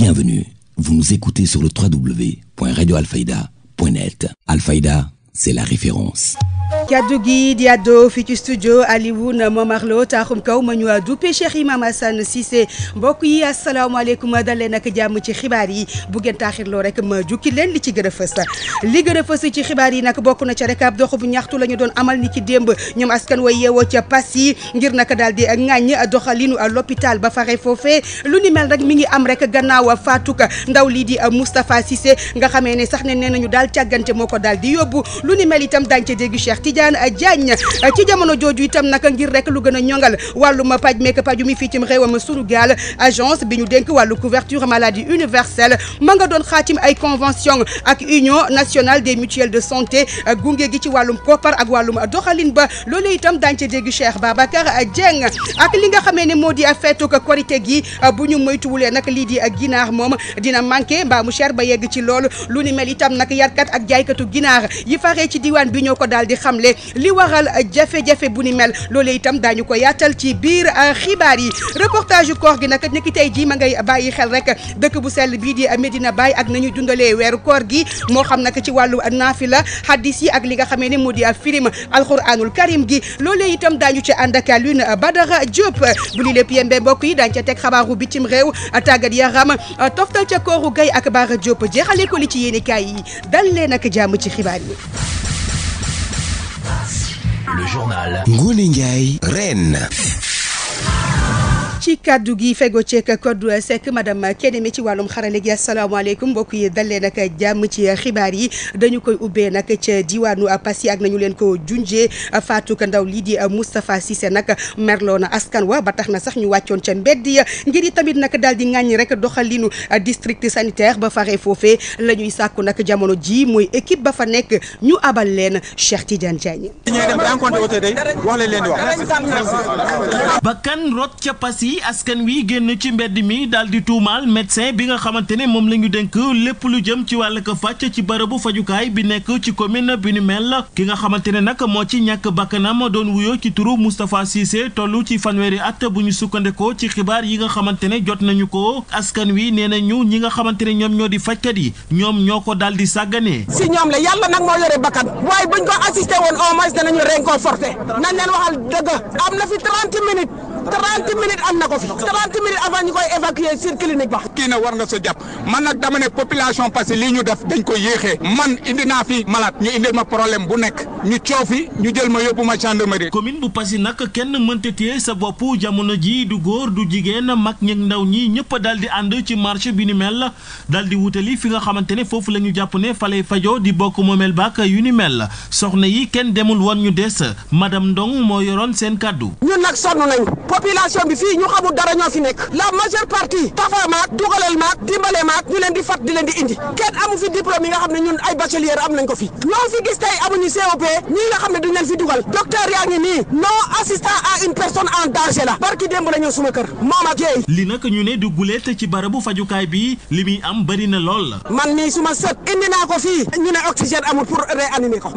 bienvenue. Vous nous écoutez sur le www.radioalfayda.net. Alfayda, c'est la référence. kaddu gi di àddoo fii ci studio Alioune Momar Lo taaxum kaw ma ñu duppe Cheikh Imam Assane Cissé bokk yi asalaamaaleykum dal leen ak jàmm ci xibaar yi bu ngeen lo rek ma jukki leen li ci gën a fës li gën a fës ci xibaar yi nag bokk na ca rek ab bu ñaxtu la ñu doon amal ni ki démb ñoom askan way yeewoo ca pass yi ngir naka daal di a ŋàññ doxalinu l'hôpital ba fare foofe lu ni mel rek mi ngi am rek gannaaw a faatuka ndaw lii di Moustapha Cissé nga xamee ne sax ne nee nañu daal càggante moo ko daal di yóbbu lu ni mel Tidiane Diagne ci jamono jooju itam naka ngir rek lu gën a ñongal wàllum paj meek paju mi fii ci réewam Sunugal agence bi ñu dénk wàllu couverture maladie universelle ma nga doon xaatim ay convention ak union nationale des mutuelles de santé gunge gi ci wàllum koppar ak wàllum doxalin ba loolu itam daañu ca dégg Cheikh Babacar Dieng ak li nga xamee ne moo di feetuk korite gi bu ñu moytuwulee nag lii di ginaar moom dina manqué mbaa mu cher ba yegg ci loolu lu ni mel itam nag yarkat ak li waxal jafe-jafe bu ni mel loolee itam daañu ko yaatal ci biir euh, xibaar yi reportage koor gi nag niki tey jii ma ngay bàyyi xel rek dëkk bu sell bii di Medina Baye ak nañu dundale weeru koor gi moo xam nag ci wàllu naafila hadis yi ak li nga xamee ne moo di firim alquranul karim gi loolee itam daañu ci ànd ak Lune Badara Diop bu li lépp yembe bokk yi daañu ca teg xabaaru bitim réew tàggat yaram toftal ca kooru gay ak Baara Diop jeexale ko li ci yéenekaay yi dal leen ak jàmm ci xibaar yi le journal Ngoné Ndiaye Reine ci kaddu gi fego ceek Codou Seck madame Kédémi ci wàllum xarale gi asalaamaaleykum mbokk yi dalee leen ak jàmm ci xibaar yi dañu koy ubbee nag ca diwaanu Passy ak nañu leen ko junjee faatu ka ndaw lii di Moustapha Cissé nag merloo na askan wa ba tax na sax ñu wàccoon ca mbedd ya ngir i tamit nag daal di ŋàññi rek doxalinu district sanitaire ba faree foofee la ñuy sàkku nag jamono ji mooy équipe ba fa nekk ñu abal leen Cheikh Tidiane Diagne. yi dem rencontre yi askan wi génn ci mbedd mi daal di tuumaal médecin bi nga xamante ne moom la ñu dénk lépp lu jëm ci wàll ko fàcc ci barabu fajukaay bi nekk ci commune bi nu mel ki nga xamante ne nag moo ci ñàkk bakkanam doon wuyoo ci turu Moustapha Cissé toll ci fanweeri at bu ñu sukkandikoo ci xibaar yi nga xamante ne jot nañu ko askan wi nee nañu ñi nga xamante ne ñoom ñoo di fajkat yi ñoom ñoo ko daal di sàgganee. si ñoom la yàlla nag moo yore bakkan waaye buñ ko assisté woon au na ko fi 30 minutes avant ñu koy évacuer sur clinique ba kii na war nga sa jàpp ma problème bu nekk ñu coofi ñu jël ma yóbbu ma gendarmerie commune bu Passy nag kenn mënta téye sa bopp jamono ji du góor du jigéen mag ñeeg ndaw ñii ñëpp daal di ànd ci marché bi ni mel daal di wutali fi nga xamante ne foofu la ñu jàpp ne falay fajo di bokk moomeel baak yu ni mel soxna yi kenn demul woon ñu des madam Ndong moo yoroon seen kàddu ñun nag sonn nañu xamul dara ñoo fi nekk la majeure partie tafa maak dugalal maak dimbale maak ñu leen di fat di leen di indi kenn amu fi diplôme yi nga xam ne ñun ay bachelier am nañ ko fi loo fi nga xam ne duñ leen fi dugal docteur yaa ngi nii non assistant à une personne en danger la barki démb la ñëw suma kër moom ak yeey li nag ñu ne du guleet ci barabu fajukaay bi li muy am bëri na lool man mii suma sët indi naa ko fii ñu ne oxygène amul pour réanimer ko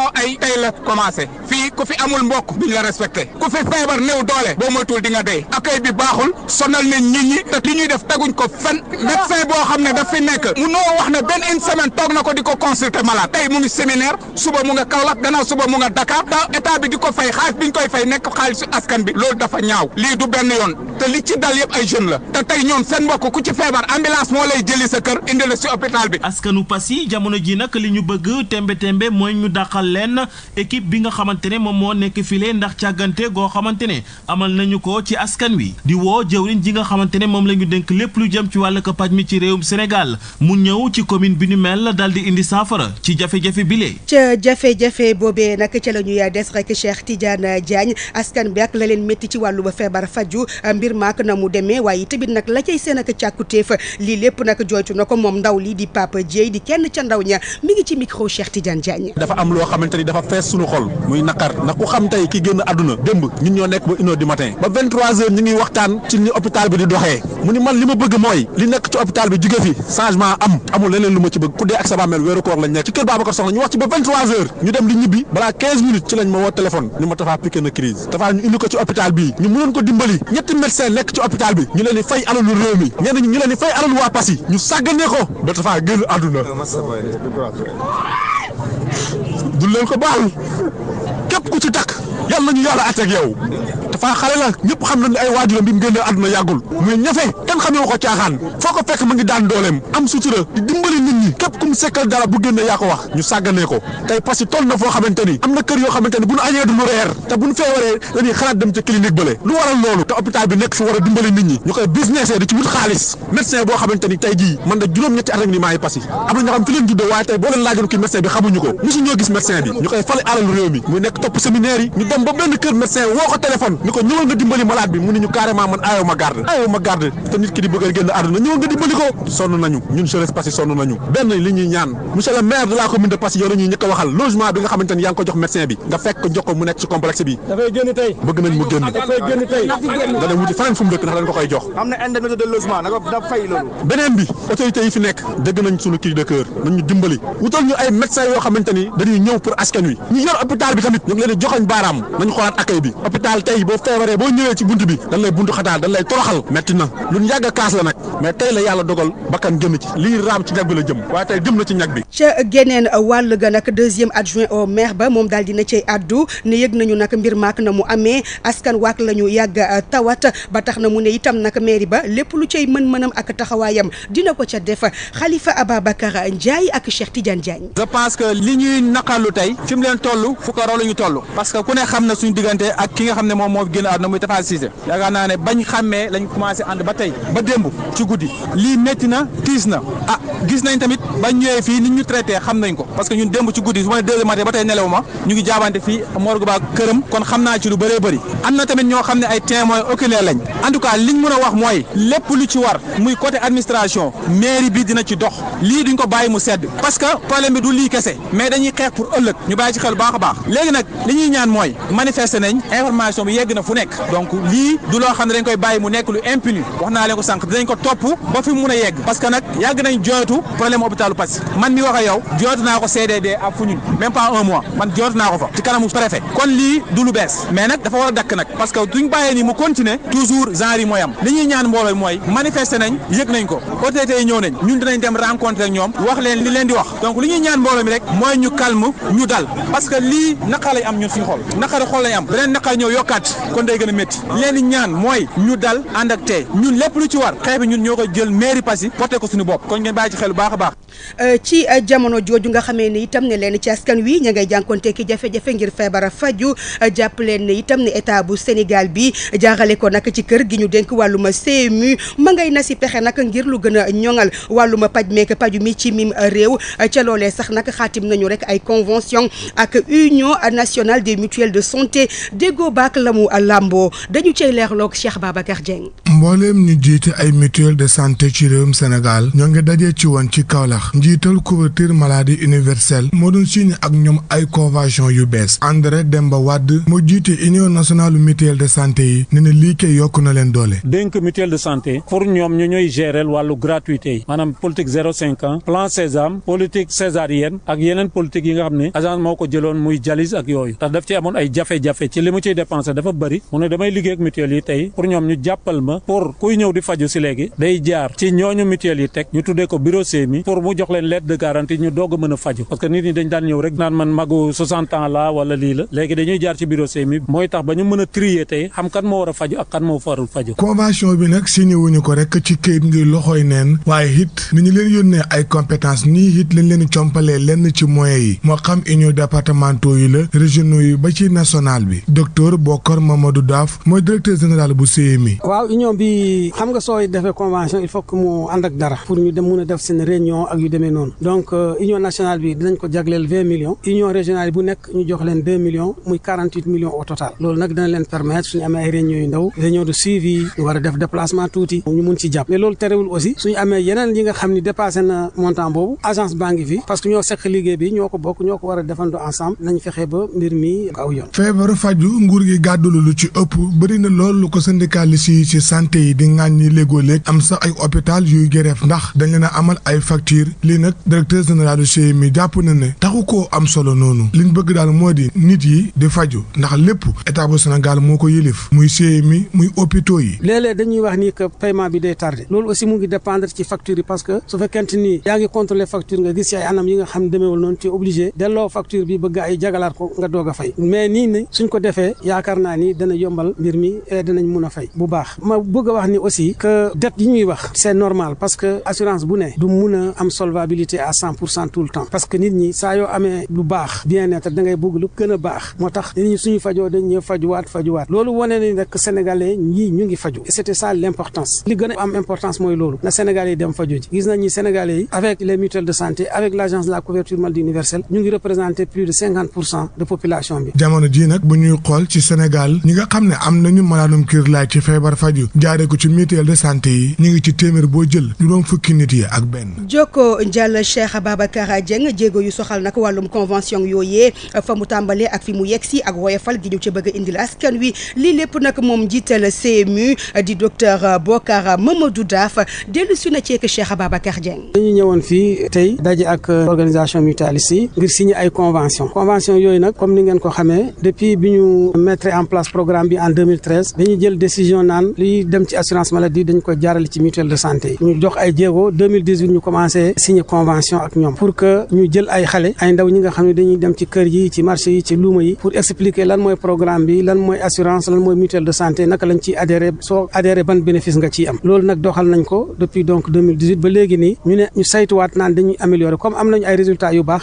non ay tey la commencé fii ku fi amul mbokk duñ la respecté ku fi feebar néew doole boo moytuwul di nga dee bi baaxul sonal nañ nit te li ñuy def teguñ ko fen médecin boo xam ne daf nekk mu noo wax ne benn une semaine toog na ko di ko consulter malade tey mu ngi séminaire suba mu nga Kaolack gannaaw suba mu nga Dakar te état bi di ko fay xaalis biñ koy fay nekk xaalisu askan bi loolu dafa ñaaw lii du benn yoon te li ci dal yëpp ay jeunes la te tey ñoom seen mbokk ku bi askanu Passy jamono leen équipe bi nga xamante ne moom moo nekk file ndax càggante goo xamante ne amal nañu ko ci askan wi di woo jëwriñ ji nga xamante ne moom la ñu dénk lépp lu jëm ci wàllu paj mi ci réewum Sénégal mu ñëw ci commune bi ñu mel daal di indi saafara ci jafe-jafe bile. ca jafe-jafe boobee nag ca la ñuy des rek Cheikh Tidiane Diagne askan bi ak la leen métti ci wàllu ba feebar faju mbir maak na mu demee waaye tamit nag la cay seen ak càkkutéef lii lépp nag jooytu na ko moom ndaw lii di Pape Dieye di kenn ca ndaw ña mi ngi ci micro Cheikh Tidiane Diagne. dafa am xamante ni dafa fees suñu xol muy naqar ndax ku xam tey ki génn àdduna démb ñun ñoo nekk ba une heure matin ba vingt trois heures ñu ngi waxtaan ci ni hôpital bi di doxee mu ni man li ma bëgg mooy li nekk ci hôpital bi jóge fi changement am amul leneen lu ma ci bëgg ku dee ak sa bàmmeel weeru koor lañ nekk ci kër Babacar Soxna ñu wax ci ba vingt trois heures ñu dem di ñibbi balaa quinze minutes ci lañ ma woo téléphone ñu ma tafaa piqué na crise tafaa du leen ko baal képp ku ci takk. yàlla ñu yàlla àtteeg yow dafa xale la ñëpp xam nañ ne ay waajuram bi mu génne àdduna yàggul muy ñafe kenn xamee ko caaxaan foo ko fekk mu ngi daan dooleem am sutura di dimbali nit ñi képp ku mu sekkal dara bu génne yaa ko wax ñu sàgganee ko tey parce que na foo xamante am na kër yoo xamante bu ñu añee du ñu reer te bu ñu feebaree dañuy xalaat dem ci clinique bële lu waral loolu te hôpital bi nekk fi war dimbali nit ñi ñu koy business dem ba benn kër médecin woo ko téléphone ni ko ñëwal nga dimbali malade bi mu ni ñu carrément man ma garde ayoo ma garde te nit ki di bëgg a génn àdduna ñëwal nga dimbali ko sonn nañu ñun nga xamante ko jox nañu dimbali wutal ñu ay médecin yoo xamante ni dañuy ñëw pour askan wi ñu yor hôpital bi tamit ñu ngi leen joxañ baaraam am nañu xoolaat accueil bi hôpital tey boo feebaree boo ñëwee ci bunt bi dañ lay buntu xataal dañ lay toroxal metti na lu yàgg a kaas la nag mais tey la yàlla dogal bakkan génn ci lii raam ci ñag bi la jëm waaye tey na ci ñag bi ca ne yëg nañu nag mbir maak na mu amee askan waak la ñu yàgg tawat ba tax na mu ne itam nag mairie ba lépp lu cay mën-mënam ak taxawaayam dina ko ca def Khalifa Ababacar Ndiaye ak Cheikh Tidiane Diagne je pense que li ñuy naqarlu tey fi mu leen toll fu ñu toll xam na suñu diggante ak ki nga xam ne moom moo génn àdduna muy Tapha Cissé yaakaar naa ne bañ xàmmee lañ commencé ànd ba tey ba démb ci guddi lii métti na tiis na ah gis nañ tamit bañ ñëwee fii ni ñu traité xam nañ ko parce que ñun démb ci guddi su ma ne deux heures matin ba tey nelew ma ñu ngi jaabante fii morgue ba këram kon xam naa ci lu bëree bëri am na tamit ñoo xam ne ay témoin oculaire lañ en tout cas liñ mën a wax mooy lépp lu ci war muy côté administration mairie bi dina ci dox lii duñ ko bàyyi mu sedd parce que problème bi du lii kese mais dañuy xeex pour ëllëg ñu bàyyi ci xel baax a baax léegi nag li ñuy ñaan mooy manifesté nañ information bi yegg na fu nekk donc lii du loo xam ne dañ koy bàyyi mu nekk lu impuni wax naa leen ko sànq dinañ ko topp ba fi mun a yegg parce que nag yàgg nañ jooytu problème hôpitalu Passy man mi wax ak yow jooytu naa ko CDD ak lii du lu bees mais nag dafa war a dakk nag parce que duñ bàyyee ni mu continuer toujours genre yi mooy am li ñuy ñaan mbooloo mooy manifesté nañ yëg nañ ko autorité yi ñëw nañ ñun dinañ dem rencontré ñoom wax leen li leen di wax donc li ñuy naqari xol lañ am yokkaat kon day gën a ñaan mooy ñu dal ànd ak tey ñun lu ci ñun ñoo ko jël mairie Passy porté ko suñu bopp kon ngeen bàyyi ci xel bu baax a baax euh, ci euh, jamono jooju nga xamee ni itam ne leen ci askan wi ña ngay jànkoon tekki jafe-jafe ngir feebar faju euh, jàpp leen ne itam ne état bu Sénégal bi jaaxale ko nag ci kër gi ñu dénk wàlluma CMU ma ngay na si pexe nag ngir lu gën a ñoŋal wàlluma paj meek paju mi ci mim réew ca loolee sax nag xaatim nañu rek ay convention ak union nationale des mutuelles de de santé déggoo baak la mu làmboo dañu cay leerloog Cheikh Babacar Dieng. mbooleem ni jiite ay mutuelle de santé ci réewum Sénégal ñoo ngi dajee ci woon ci Kaolack njiital couverture maladie universelle moo doon signé ak ñoom ay convention yu bees André ba Wade moo jiite union nationale mutuelle de santé yi ne ne lii yokk na leen doole. dénk mutuelle de santé pour ñoom ñu ñooy gérer wàllu gratuité yi maanaam politique zéro cinq ans plan Sésame politique césarienne ak yeneen politique yi nga xam ne agence moo ko jëloon muy jalis ak yooyu ndax jafe-jafe ci li mu ciy dépensé dafa bëri mu ne damay liggéey ak mutuelle yi tey pour ñoom ñu jàppal ma pour kuy ñëw di faju si léegi day jaar ci ñooñu mutuelle yi teg ñu tuddee ko bureau CMI pour mu jox leen lettre de garantie ñu doog a mën a faju parce que nit ñi dañ daan ñëw rek naan man magu 60 ans la wala lii la léegi dañuy jaar ci bureau CMI mooy tax ba ñu mën a trier tey xam kan moo war a faju ak kan moo farul faju convention bi nag signé ko nationale bi docteur Bokar Mamadou Daaf mooy directeur général bu CMI. waaw union bi xam nga sooy defee convention il faut que mu ànd ak dara pour ñu dem mun a def seen réunion ak yu demee noonu donc euh, union nationale bi dinañ ko jagleel vingt millions union régionale total loolu nag dina leen permettre suñu amee ay réunions yu ndaw réunion de suivi ñu war a def déplacement tuuti ñu mun ci jàpp mais loolu terewul aussi suñu amee yeneen yi nga xam ni dépassé montant boobu agence baa ngi feebaru faju nguur gi gàddulu lu ci ëpp bëri na lool lu ko syndicaliste yi ci santé yi di ŋàññi léegoo-léeg am sax ay hôpital yuy grève ndax dañ leen a amal ay facture lii nag directeur général du CMI jàpp na ne taxu ko am solo noonu li ñu bëgg daal moo di nit yi di faju ndax lépp état bu Sénégal moo ko yëlif muy CMI muy hôpitaux yi léeg-léeg dañuy wax ni que paiement bi day tardé loolu aussi mu ngi dépendre ci facture yi parce que su fekkente ni yaa ngi contrôler facture nga gis yi nga xam ne demeewul noonu obligé delloo facture bi bëgg ay jagalaat ko nga doog fay nii ni suñ ko defee yaakaar naa ni dana yombal mbir mi et danañ mun a fay bu baax ma bëgg a wax ni aussi que dette yi ñuy wax c'est normal parce que assurance bu ne du mun a am solvabilité à cent pour cent tout le que nit ñi saa yoo amee lu baax bien-être da ngay bëgg lu gën a baax moo tax nit ñi suñu fajoo dañ waat fajuwaat fajuwaat loolu wane nañ rek sénégalais ñii ñu ngi faju c'était ça l'importance li gën a am importance mooy loolu na sénégalais yi dem faju ji gis nañ ñi sénégalais yi avec les mutuelles de santé avec ngi représenter plus de cinquante pour cent jamono ji nag bu ñuy xool ci Sénégal ñi nga xam ne am nañu malaanum kiir laay ci feebar faju jaaree ko ci mutuelle de yi ñu ngi ci téeméer boo jël juróom fukki nit yi ak benn. Jokko Jàll Cheikh Ababacar Dieng jéego yu soxal nag wàllum convention yooyee fa mu tàmbalee ak fi mu yegg si ak woyofal gi ñu ci bëgg a indil askan wi lii lépp nag moom jiital CMU di docteur Bokar Mamadou Daaf dellu si na ceek Cheikh Ababacar Dieng. dañu ñëwoon fii tey daje ak organisation mutualiste yi ngir signer ay convention convention yooyu nag comme ni ngeen ko xamee ne depuis bi ñu mettre en place programme bi en dañu jël décision naan liy dem ci assurance maladie dañ koy jaarale ci mutuelle de santé yi ñu jox ay jéego 2018 ñu commencé signer convention ak ñoom pour que ñu jël ay xale ay ndaw ñi nga xam ne dañuy dem ci kër yi ci marché yi ci luuma yi pour expliquer lan mooy programme bi lan mooy assurance lan mooy mutuel de santé naka lañ ciy adhéré soo adhéré ban bénéfice nga ciy am loolu nag doxal nañ ko depuis donc 2018 ba léegi nii ñu ne ñu saytuwaat naan dañuy améliorer comme am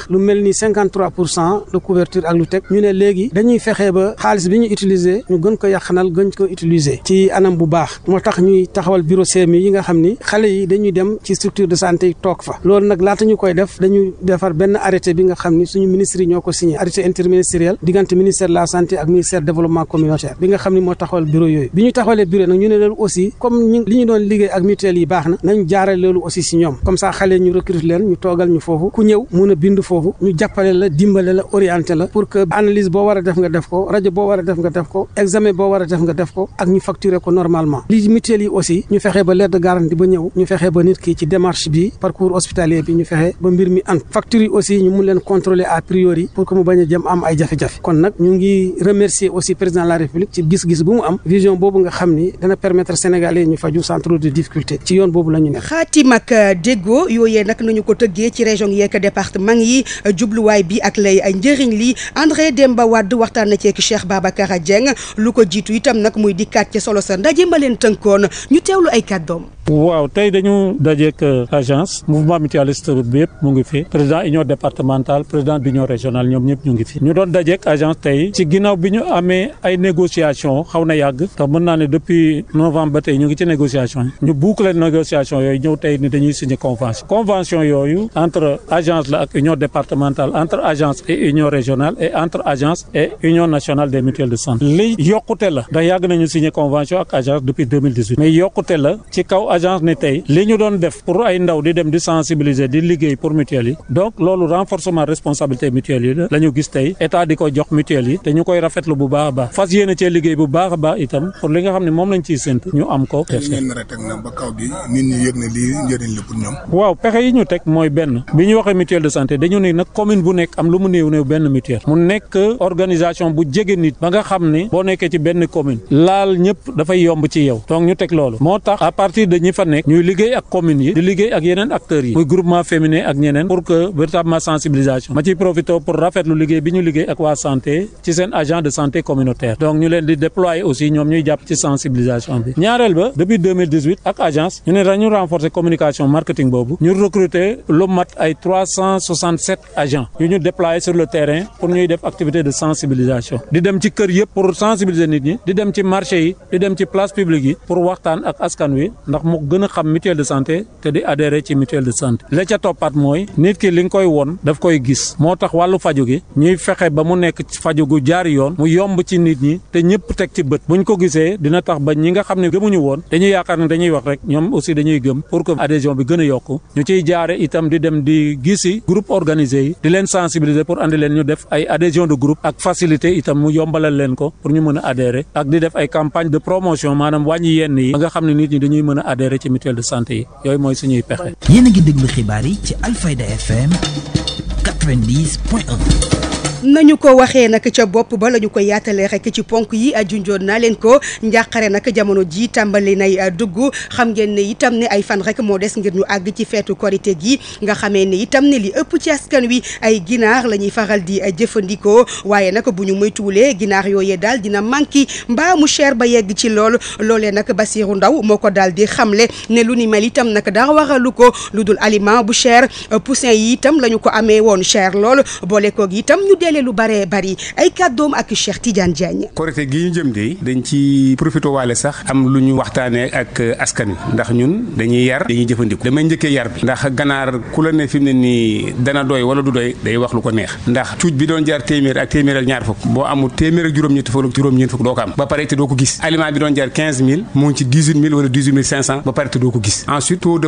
lu mel ni 53 pour cent de couverture ak lu léegi dañuy fexe ba xaalis bi ñu utiliser ñu gën ko yàqanal gën ko utiliser ci anam bu baax moo tax ñuy taxawal bureau CMU yi nga xam ni xale yi dañuy dem ci structure de santé yi toog fa loolu nag laata ñu koy def dañuy defar benn arrêté bi nga xam ni suñu ministre yi ñoo ko signé arrêté interministériel diggante ministère de la santé ak ministère développement communautaire bi nga xam ni moo taxawal bureau yooyu bi ñu taxawalee bureau nag ñu ne loolu aussi comme la dimbale la def nga def ko rajo boo war a def nga def ko examen boo war a def nga def ko ak ñu facturer ko normalement li mutuelle aussi ñu fexe ba lettre de garantie ba ñëw ñu fexe ba nit ki ci démarche bi parcours hospitalier bi ñu fexe ba mbir mi an facture aussi ñu mun leen contrôler à priori pour que mu bañ a am ay jafe-jafe kon nag ñu ngi remercier aussi président la république ci gis-gis bu mu am vision boobu nga xam ni dana permettre sénégalais ñu faju waxtaan na ceeki Cheikh Babacar Dieng lu ko jiitu itam nag muy dikkaat ci solo sa ndaje ma leen tënkoon ñu teewlu ay kàddoom waaw tey dañu dajeek euh, agence mouvement mutualiste route bi yëpp mu ngi fi président union départementale président d'union régional ñoom ñëpp ñu ngi fi ñu doon dajeek agence tey ci ginnaw bi ñu amee ay négociation xaw na yàgg te mën naa ne depuis novembre ba tey ñu ngi ci négociation ñu ñu boucler négociation yooyu ñëw tey ni dañuy signé convention convention yooyu entre agence la ak union départementale entre agence et union régionale et créé union nationale des mutuelles de santé li yokkute la ndax yàgg nañu signé convention ak agence depuis mais yokkute la ci kaw agence ni tey li ñu doon def pour ay ndaw di dem di sensibiliser di liggéey pour mutuelle yi donc loolu renforcement responsabilité mutuelle yi la la ñu gis tey état di ko jox mutuelle yi te ñu koy rafetlu bu baax a baax fas yéene cee liggéey bu baax a baax itam pour li nga xam ne moom lañ ciy séntu ñu am ko waaw pexe yi ñu teg mooy benn bi ñu waxee mutuelle de santé dañu ne nag commune bu nekk am lu organisation bu jege nit ba nga xam ni boo nekkee ci benn commune laal ñëpp dafay yomb ci yow donc ñu teg loolu moo tax à partir de ñi fa nekk ñuy liggéey ak communes yi di liggéey ak yeneen acteurs yi muy groupement féminin ak ñeneen pour que véritablement sensibilisation ma ciy profité pour rafetlu liggéey bi ñu liggéey ak waa santé ci seen agent de santé communautaire donc ñu leen di déployer aussi ñoom ñuy jàpp ci sensibilisation bi ñaareel ba depuis 2018 ak agence ñu ne dañu renforcer communication marketing sensibilisation di dem ci kër yëpp pour sensibiliser nit ñi di dem ci marché yi di dem ci place publique yi pour waxtaan ak askan wi ndax mu gën a xam mutuelle de santé te di adhérer ci mutuelle de santé la ca toppaat mooy nit ki li nga koy woon daf koy gis moo tax wàllu faju gi ñuy fexe ba mu nekk faju gu jaar yoon mu yomb ci nit ñi te ñëpp teg ci bët buñ ko gisee dina tax ba ñi nga xam ne gëmuñu woon dañuy yaakaar ne dañuy wax rek ñoom aussi dañuy gëm pour que adhésion a yokk facilité itam mu yombalal leen ko pour ñu mën a ak di def ay campagne de promotion maanaam wàññi yenn yi nga xam ne nit ñi dañuy mën a adhérer ci mutuelle de santé yi yooyu mooy suñuy pexe. yéen a ngi déglu xibaar yi ci Alfayda FM 90 nañu ko waxee nag ca bopp ba la ñu ko yaatalee rek ci ponk yi a ah, junjoon naa leen ko njàqare nag jamono ji tàmbali nay ah, dugg xam ngeen ne itam ne ay fan rek moo des ngir ñu àgg ci feetu korite gi nga xamee ne itam ne li ëpp ci askan wi ay ginaar la ñuy faral di ah, jëfandikoo waaye nag bu ñu moytuwulee ginaar yooyee daal dina manqué mbaamu mu cher ba yegg ci lool loolee nag Basiirou Ndaw moo ko dal di xamle ne lu ni mel itam nag dara waralu ko lu dul aliment bu cher poussin yi itam la ñu ko amee woon cher lool teele lu baree bari ay kàddoom ak Cheikh Tidiane Diagne. korite gi ñu jëm de dañ ci profité waale sax am lu ñu waxtaanee ak askan ndax ñun dañuy yar dañuy jëfandiku damay njëkkee yar bi ndax ganaar ku la ne fi ne nii dana doy wala du doy day wax lu ko neex ndax cuuj bi doon jaar téeméer ak téeméer ak ñaar fukk boo amul téeméer ak juróom ñeent fukk doo ko am ba pare te doo ko gis aliment bi doon jaar 15000 mu ci 18000 ba pare te doo ko gis ensuite taux de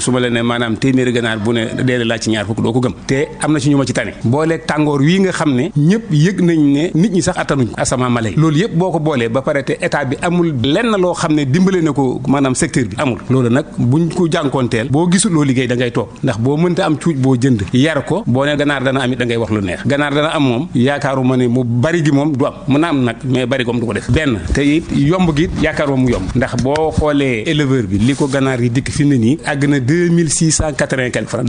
su ma maanaam téeméeri ganaar la laaj ko ko gëm te am na ci ñu ci tane boolee tàngoor wii nga xam ne ñëpp yëg nañ ne nit ñi sax attanuñ asama malay loolu yëpp boo ko boolee ba pare te état bi amul lenn loo xam ne dimbale na ko maanaam secteur bi amul loolu nag buñ ko jànkoonteel boo gisul loo liggéey da ngay toog ndax boo mënta am cuuj boo jënd yar ko boo ne ganaar dana am it wax lu neex ganaar dana am moom yaakaaruma ne mu bari gi moom du am mën a am nag mais bari li ko ganaar yi dikk fi mu ne nii àgg na 2680 quelque francs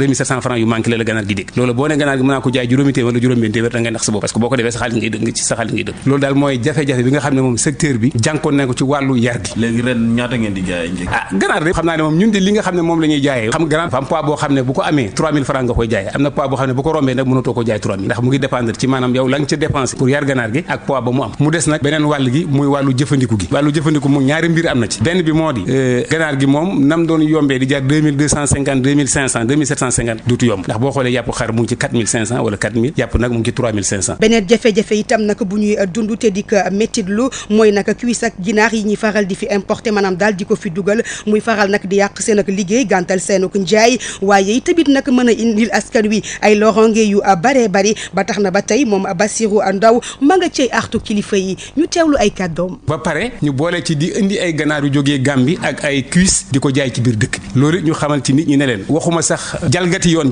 la la ganaar gi dégg loolu boo ne ganaar gi mën naa ko jaay juróomi téeméer la juróomi benn téeméer da ngay nax sa bopp parce que boo ko defee sa xaalis ngay dëgg ci sa xaalis ngay dëgg loolu daal mooy jafe-jafe bi nga xam ne moom secteur bi jànkoon nañ ko ci wàllu yar gi léegi ren ñaata ngeen di jaayee njëg ah ganaar de xam naa ne moom ñun de li nga xam ne moom la ñuy jaayee xam ganaar fa am poids boo xam ne bu ko amee 3000 francs nga koy jaayee am na poids boo xam ne bu ko rombee nag mënatoo ko jaay 3000 ndax mu ngi dépendre ci maanaam yow la nga ca dépensé pour yar ganaar gi ak poids ba mu am mu des nag beneen wàll gi muy wàllu jëfandiku gi wàllu jëfandiku moom ñaari mbir am na ci benn bi moo di euh, ganaar gi moom nam doon yombee di jaar 2250 2500 2750 duutu yomb boo xoolee yàpp xar mu ngi ci 4500 yàpp nag mu ngi ci 3500. beneen jafe-jafe itam nag bu ñuy dund te di ko méttitlu mooy nag cuisse ak ginaar yi ñuy faral di fi importer maanaam daal di ko fi dugal muy faral nag di yàq seen liggéey gàntal seen ak njaay waaye tamit nag mën a indil askan wi ay lorange yu baree bari ba tax na ba tey moom Bassirou Ndaw ma nga cey artu kilifa yi ñu teewlu ay kàddoom. ba pare ñu boole ci di indi ay ganaar yu jógee Gambie ak ay cuisse di ko ci biir dëkk bi loolu ñu xamal ci nit ñi ne leen waxuma sax jalgati yoon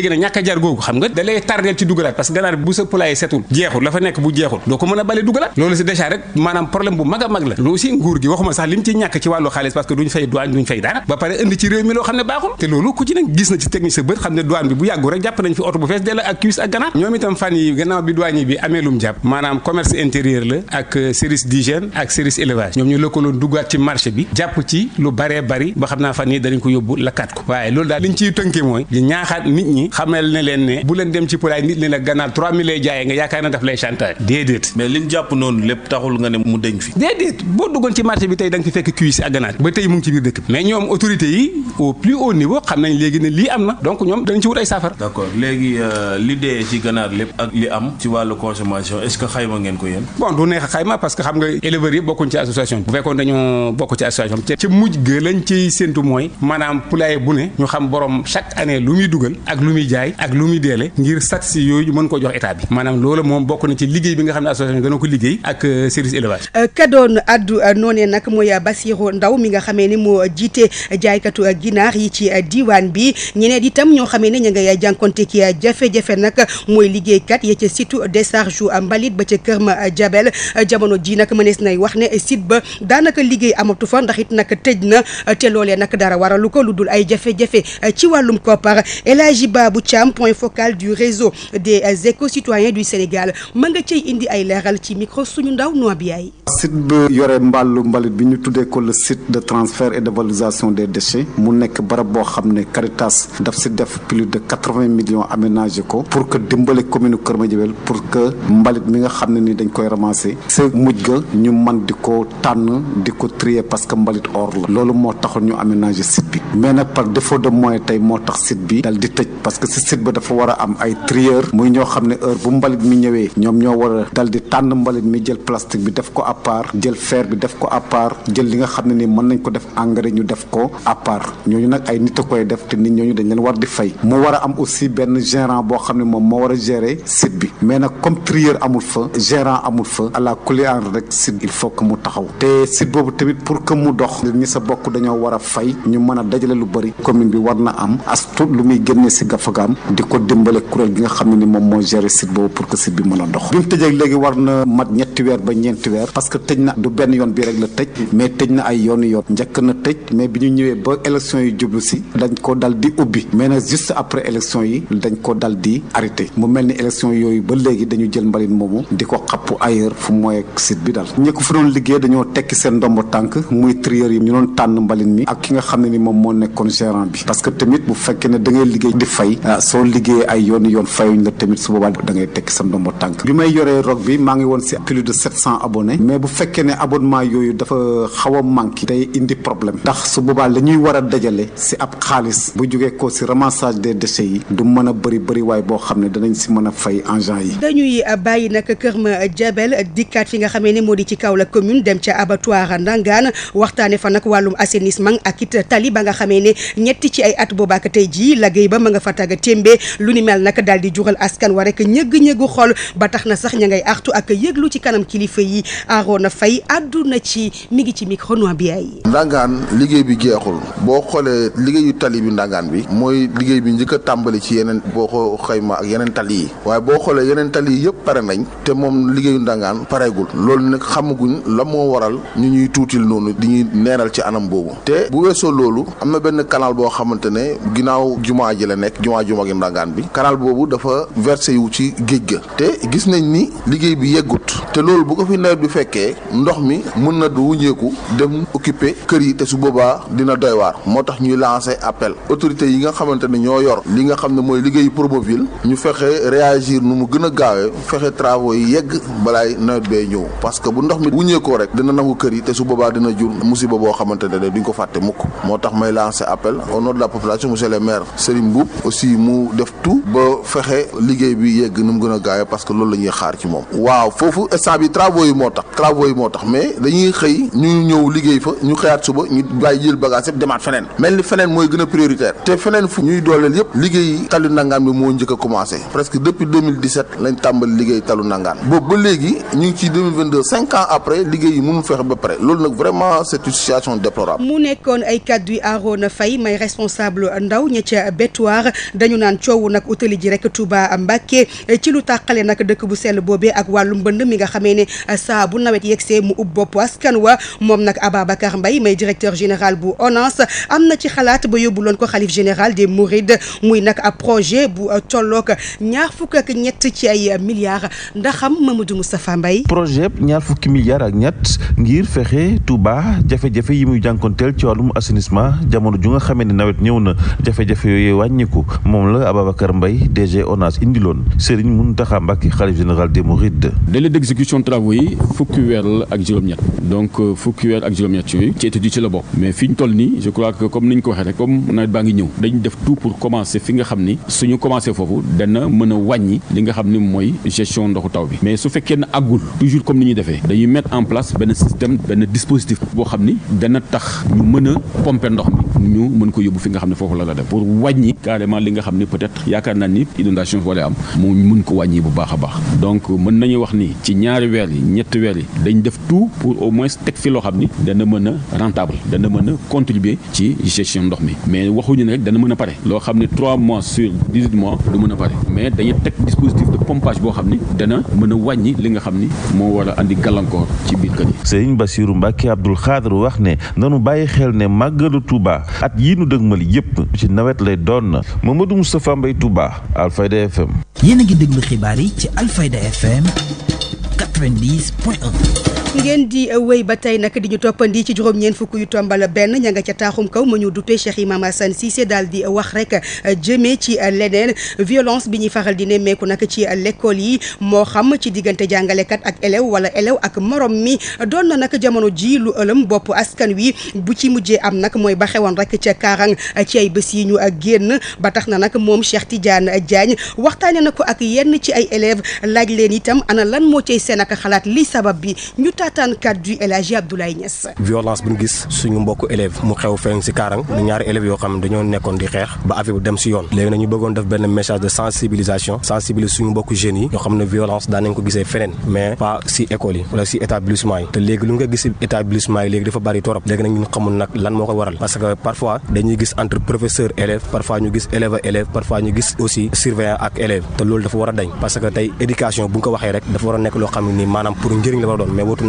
léegi nag ñàkk jar googu xam nga da tardeel ci dugalaat parce que ganaar bu sa poulailler setul jeexul la nekk bu jeexul doo ko mën a bale dugalaat loolu si déjà rek maanaam problème bu mag mag la loolu si nguur gi waxuma sax li ci ñàkk ci wàllu xaalis parce que duñ fay douane duñ fay dara ba pare indi ci réew mi loo xam ne baaxul te loolu ku ci nag gis na ci technique sa bët xam ne douane bi bu yàggu rek jàpp nañ fi oto bu fees dell ak cuis xamel ne leen ne bu leen dem ci pulaay nit ne la ganaar 3000 lay jaayee nga yaakaar na daf lay chantage déedéet mais lim jàpp noonu lépp taxul nga ne mu dëñ fi déedéet boo duggoon ci marché bi tey da nga fi fekk cuisses ak ganaar ba tey mu ngi ci biir dëkk bi mais ñoom autorité yi au plus haut niveau xam nañ léegi ne lii am na donc ñoom dañ ci wut ay saafara d'accord léegi euh, li dee ci ganaar lépp ak li am ci wàllu consommation est-ce que xayma ngeen ko yéen bon du neex a xayma que xam nga éleveurs yi bokkuñ ci association bu bokk ci mooy maanaam poulailler bu ne ñu xam borom chaque année lu muy dugal ak lu muy jaay ak lu muy deele ngir statistiques yooyu mën ko jox état bi maanaam loolu moom bokk na ci bi nga xam ne association dana ko liggéey ak euh, service élevage euh, kadoon addu euh, noonee nag mooy Basirou Ndaw mi nga xamee ni moo jiite jaaykatu ginaar yi ci diwaan bi ñeneen itam ñoo xamee jafe-jafe nag mooy liggéeykat ya ca surtout décharge mbalit ba ca Kër ma Jabel jamono ji nag mënees nay wax ne sit ba daanaka liggéey amatu fa ndax it nag tëj na te loole nag dara waralu ko lu dul ay jafe-jafe ci wàllum koppar El Hadji bu Thiam point focal du réseau des éco-citoyens du Sénégal ma nga cay indi ay leeral ci micro suñu ndaw noo bi yaay site bu yore mbàllu mbalit bi ñu tuddee ko le site de transfert et de valorisation des déchets mu nekk barab boo xam ne Caritas daf si def plus de quatre-vingts millions aménagé ko pour que dimbale commune Kër Madiabel pour que mbalit mi nga xam ne ni dañ koy ramasser sa mujj ga ñu man di ko tànn di ko trier parce que mbalit or la loolu moo taxoon ñu aménagé site mais nag par défaut de moyens tey moo tax site bi dal di tëj parce que si site ba dafa war a am ay trieur muy ñoo xam ne heure bu mbalit mi ñëwee ñoom ñoo war a dal tànn mbalit mi jël plastique bi def ko à part jël fer bi def ko à jël li nga xam ne ni mën nañ ko def engrais ñu def ko à part ñooñu nag ay nit a koy def te nit ñooñu dañ leen war di fay mu war a am aussi benn gérant boo xam ne moom moo war a gérer site bi mais nag comme trieur amul fa gérant amul fa à la kuli en rek site il faut mu taxaw te site boobu tamit pour que mu dox ñi sa bokk dañoo war a fay ñu mën a dajale lu bëri commune bi war na am as lu muy génnee si gaf Fagam di ko dimbale kuréel gi nga xam ne ni moom moo gérer site pour que site bi mën a dox léegi war na mat ñetti weer ba ñeenti weer parce que tëj na du benn yoon bii rek la tëj mais tëj na ay yoon yoon njëkk na tëj mais bi ñu ñëwee ba élection yi jublu si dañ ko dal di ubbi mais nag juste après élection yi dañ ko dal di arrêté mu mel ni élection yooyu ba léegi dañu jël mbalit moomu di ko xappu ailleurs fu mooy site bi dal ñi ko fa doon liggéey dañoo tekki seen ndombo tànk muy trieur yi ñu doon tànn mbalit ki nga xam ne ni moom moo nekkoon gérant bi parce que tamit bu liggéey di fay Ah, soo liggéeyee ay yoon yoon fayuñ la tamit su boobaa da ngay tekki sa ndombo tànk bi may yoree rog bi maa ngi woon si plus de 700 abonnés mais bu fekkee ne abonnement yooyu dafa xaw a a bu ko si ramassage des déchets yi du a boo xam a fay engins yi dañuy ah, bàyyi nag Kër Ma Jabel dikkaat fi nga xamee ne moo di ci Kaolack commune dem ca abattoir Ndangaan waxtaane fa nag wàllum assainissement ak it tali ba nga xamee ne ñetti ci at boobaak tey jii liggéey ba ma nga fa tagga lu ni mel nag daal di jural askan wa rek ñëgg-ñëggu xol ba tax na sax ña ngay artu ak yëglu ci kanam kilifa yi Arona Faye àdduna ci mi ngi ci micro noa bi ay ndangaan liggéey bi jeexul boo xoolee liggéeyu tali bi ndangaan bi mooy liggéey bi njëkk a tàmbali ci yeneen boo ko xayma ak yeneen tali yi waaye boo xoolee yeneen tali yi yëpp pare nañ te moom liggéeyu ndangaan pareegul loolu nag xamaguñ la moo waral ñu ñuy tuutil noonu di ñuy neenal ci anam boobu te bu weesoo loolu am na benn canal boo xamante ne ginnaaw jumaa jumaa ju magi ndangaan bi canal boobu dafa versé yu ci géej ga te gis nañ ni liggéey bi yeggut te loolu bu ko fi nawet bi fekkee ndox mi mën na du wuññeeku dem occuper kër yi te su boobaa dina doy waar moo tax ñuy lancé appel autorité yi nga xamante ne ñoo yor li nga xam ne mooy liggéeyu Promoville ñu fexe réagir nu mu gën a gaawee fexe travaux yi yegg balaay nawet bee ñëw parce que bu ndox mi wuññeekoo rek dina nangu kër yi te su boobaa dina jur musiba boo xamante ne duñ ko fàtte mukk moo tax may lancé appel au nom de si mu def tout ba fexe liggéey bi yegg nu mu gën a gaawee parce que loolu la ñuy xaar ci moom waaw foofu instant bi travaux yi moo tax travaux yi moo tax mais dañuy xëy ñu ñëw liggéey fa ñu xëyaat suba ñu bàyyi jël bagage yëpp demaat feneen mel ni feneen mooy gën a prioritaire te feneen fu ñuy dooleel yëpp liggéey talu nangaan bi moo njëkk a commencé presque depuis 2017 lañ tàmbali liggéey talu nangaan boobu ba léegi ñu ci 2022 cinq ans après liggéey yi mënul fexe ba pare loolu nag vraiment c'est une situation déplorable mu nekkoon ay kàddu yi Arona Faye dañu naan coow nag utali ji rek Touba Mbacké eh, ci lu tàqale nag dëkk bu sell boobee ak wàllu mbënd mi nga xamee ne eh, saa bu nawet see mu ub bopp askan wa moom nag Ababacar mbay may directeur général bu ONAS am na ci xalaat ba yóbbu loon ko xalif général des Mourides muy nag ab projet bu eh, tolloog ñaar fukk ak ñett ci ay milliards ndax xam Mamadou Moustapha mbay projet ñaar fukki milliards ak ñett ngir fexe Touba jafe-jafe yi muy jànkonteel ci wàllum assainissement jamono ju nga xamee nawet ñëw na jafe yooyu wàññiku moom la Ababacar Mbaye DG ONAS indiloon Serigne Mountakha Mbacké xalif général des Mourides. d'exécution travaux yi fukki weer la ak juróom-ñett donc euh, fukki weer ak juróom-ñett ci étude ci la bokk mais fi ñu toll nii je crois que comme ni ñu ko waxee rek comme nawet baa ngi ñëw dañ def tout pour commencer fi nga xam ni suñu commencer foofu dana mën wàññi li nga xam ni mooy gestion ndoxu taw bi mais su fekkee ne àggul toujours comme ni ñuy defee dañuy mettre en place benn système xam ni dana tax ñu mën a pomper ndox mi fi nga xam ne foofu la la def pour wàññi carrément li nga xam ni peut-être yaakaar naa ni inondation wala am moo mun ko wàññi bu baax a baax donc mën nañu wax ni ci ñaari weer yi ñetti weer yi dañu def tout pour au moins teg fi loo xam ni dana mën a rentable dana mën a contribuer ci gestion ndox mi mais waxuñu ne rek dana mën a pare loo xam ne 3 mois sur 18 mois du mën a pare mais dañu teg dispositif de pompage boo xam ni dana mën a wàññi li nga xam ni moo war a indi gàllankoor ci biir kër yi. Serigne Bassirou Mbacké Abdoul wax ne nanu bàyyi xel ne màggalu Touba at yii nu dëgmal nawet lay doon Mamadou Moustapha Mbaye Touba Alfayda FM. yéen a ngi déglu xibaar yi ci Alfayda FM 90 ngeen di wéy ba tey nag di ñu toppandi ci juróom-ñeent fukk yu tombal benn ña nga ca taaxum kaw ma ñu dutee Cheikh Imam Assane se dal di wax rek euh, jëmee ci euh, leneen violence bi ñuy faral di nemmeeku nag ci euh, lekkool yi moo xam ci diggante jàngalekat ak élève wala élève ak morom mi doon na nag jamono ji lu ëlëm bopp askan wi bu ci mujjee am nag mooy ba xewoon rek ca Kaarang ci ay bés yi ñu génn ba tax na nag moom Cheikh Tidiane Diagne waxtaane na ko ak yenn ci ay élèves laaj leen itam ana lan moo cay seen ak xalaat li sabab bi taataankat du El Hadji Abdoulaye Niass. violence bu ñu gis suñu mbokku élèves mu xew feeñ si Kaarang ñu ñaari élèves yoo xam ne dañoo nekkoon di xeex ba affaire bi dem si yoon léegi nañu bëggoon def benn message de sensibilisation sensibiliser suñu mbokku jeunes yi yoo xam ne violence daan ko gisee feneen mais pas si école yi wala si établissement yi te léegi lu nga gis si yi léegi dafa bari torop léegi nag ñun nag lan moo ko waral parce que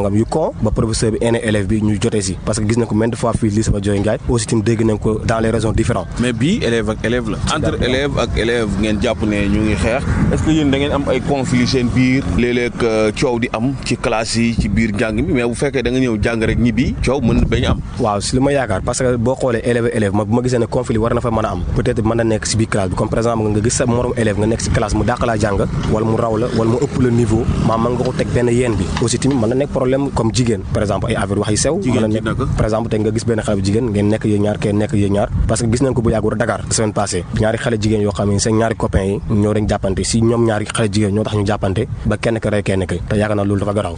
nangam yu con ba professeur bi ene élève bi ñu jotee si parce que gis nañ ko maintes fois fii lii sama jooy ngaaj aussi tamit dégg nañ dans les raisons différentes mais bii élève ak élève la entre élève ak élève ngeen jàpp ne ñu ngi xeex est-ce que am ay conflit seen biir léeg-léeg euh, coow di am ci classe yi ci biir jàng mi mais bu fekkee da ñëw jàng rek ñibbi coow mën bañ am waaw si li ma yaakaar parce que boo xoolee élève élève ma bu ma gisee ne conflit problème comme jigéen par exemple ay affaire wax yu sew mën a nekk par exemple tey nga gis benn xale bu jigéen ngeen nekk yéen ñaar kenn nekk yéen ñaar parce que gis nañ ko bu yàggul Dakar semaine passée ñaari xale jigéen yoo xam ne seen ñaari copains yi ñoo dañ jàppante si ñoom ñaari xale jigéen ñoo tax ñu jàppante ba kenn ka rey kenn ka te yaakaar naa loolu dafa garaaw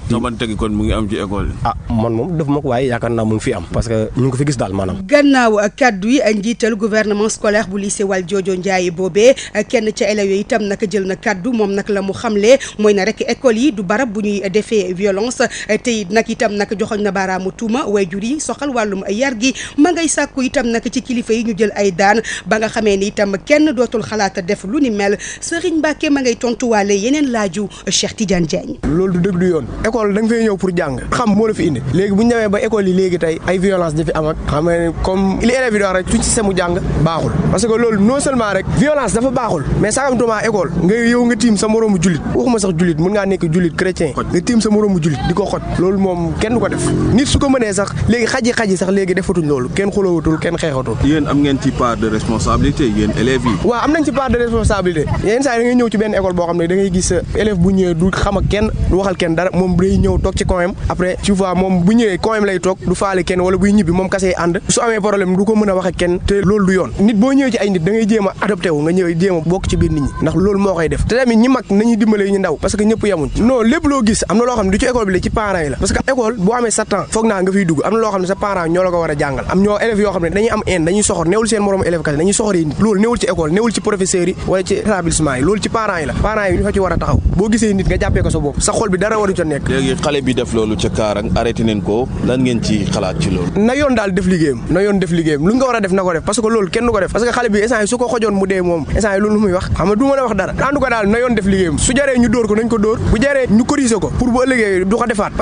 ah man moom daf ma ko waaye yaakaar naa mu ngi fi am parce que ñu ngi ko fi gis daal maanaam gannaaw kàddu yi njiital gouvernement scolaire bu lycée Valdiodio Ndiaye boobee kenn ca élèves yooyu itam naka jël na kàddu moom nag la mu xamle mooy na rek école yi du barab bu ñuy defee violence tey it nag itam nag joxoñ na baaraamu tuuma waajur yi soxal wàllum yar gi ma ngay sàkku itam nag ci kilifa yi ñu jël ay daan ba nga xamee ni itam kenn dootul xalaata def lu ni mel Serigne Mbacke ma ngay tontuwaale yeneen laaju Cheikh Tidiane Diagne. loolu du dëgg du yoon école da nga fay ñëw pour jàng xam moo la fi indi léegi bu ñu demee ba école yi léegi tey ay violence di fi am ak xam nga comme li élèves rek suñ système mu jàng baaxul parce que loolu noo s rek violence dafa baaxul mais sakamtuma école nga yow nga tiim sa moroomu jullit nekk jullit chrétien nga tiim loolu moom kenn du ko def nit su ko mënee sax léegi xaji xaji sax léegi defatuñ loolu kenn xuloowatul kenn xeexatul. yéen am ngeen ci part de responsabilité yéen yenn saa yi ñëw ci benn école boo xam ne da ngay gis élève bu ñëwee du xam kenn du waxal kenn dara moom day ñëw toog ko mën a wax ak kenn te loolu du yoon nit boo ñëwee ci ay nit da ngay jéem a nga ñëwee jéem a bokk ci biir nit ñi ndax loolu moo koy def te tamit ñi mag nañu dimbale ñu ndaw parce que ñëpp yamuñ non lépp loo gis am na loo xam ne du ci école bi la parents parce que école boo amee sept foog naa nga fiy dugg am na loo xam ne sa parents ñoo la ko war a jàngal ñoo élèves xam ne dañuy am haine loolu ci école newul ci professeurs yi wala ci établissement yi loolu ci parents yi la parents yi ñu fa ci war a taxaw boo gisee nit nga jàppee loolu ci xalaat ci loolu na nga war a def na ko def parce que loolu kenn ko def parce que xale bi instant yi su ko xojoon mu dee moom instant yi loolu muy wax xam nga du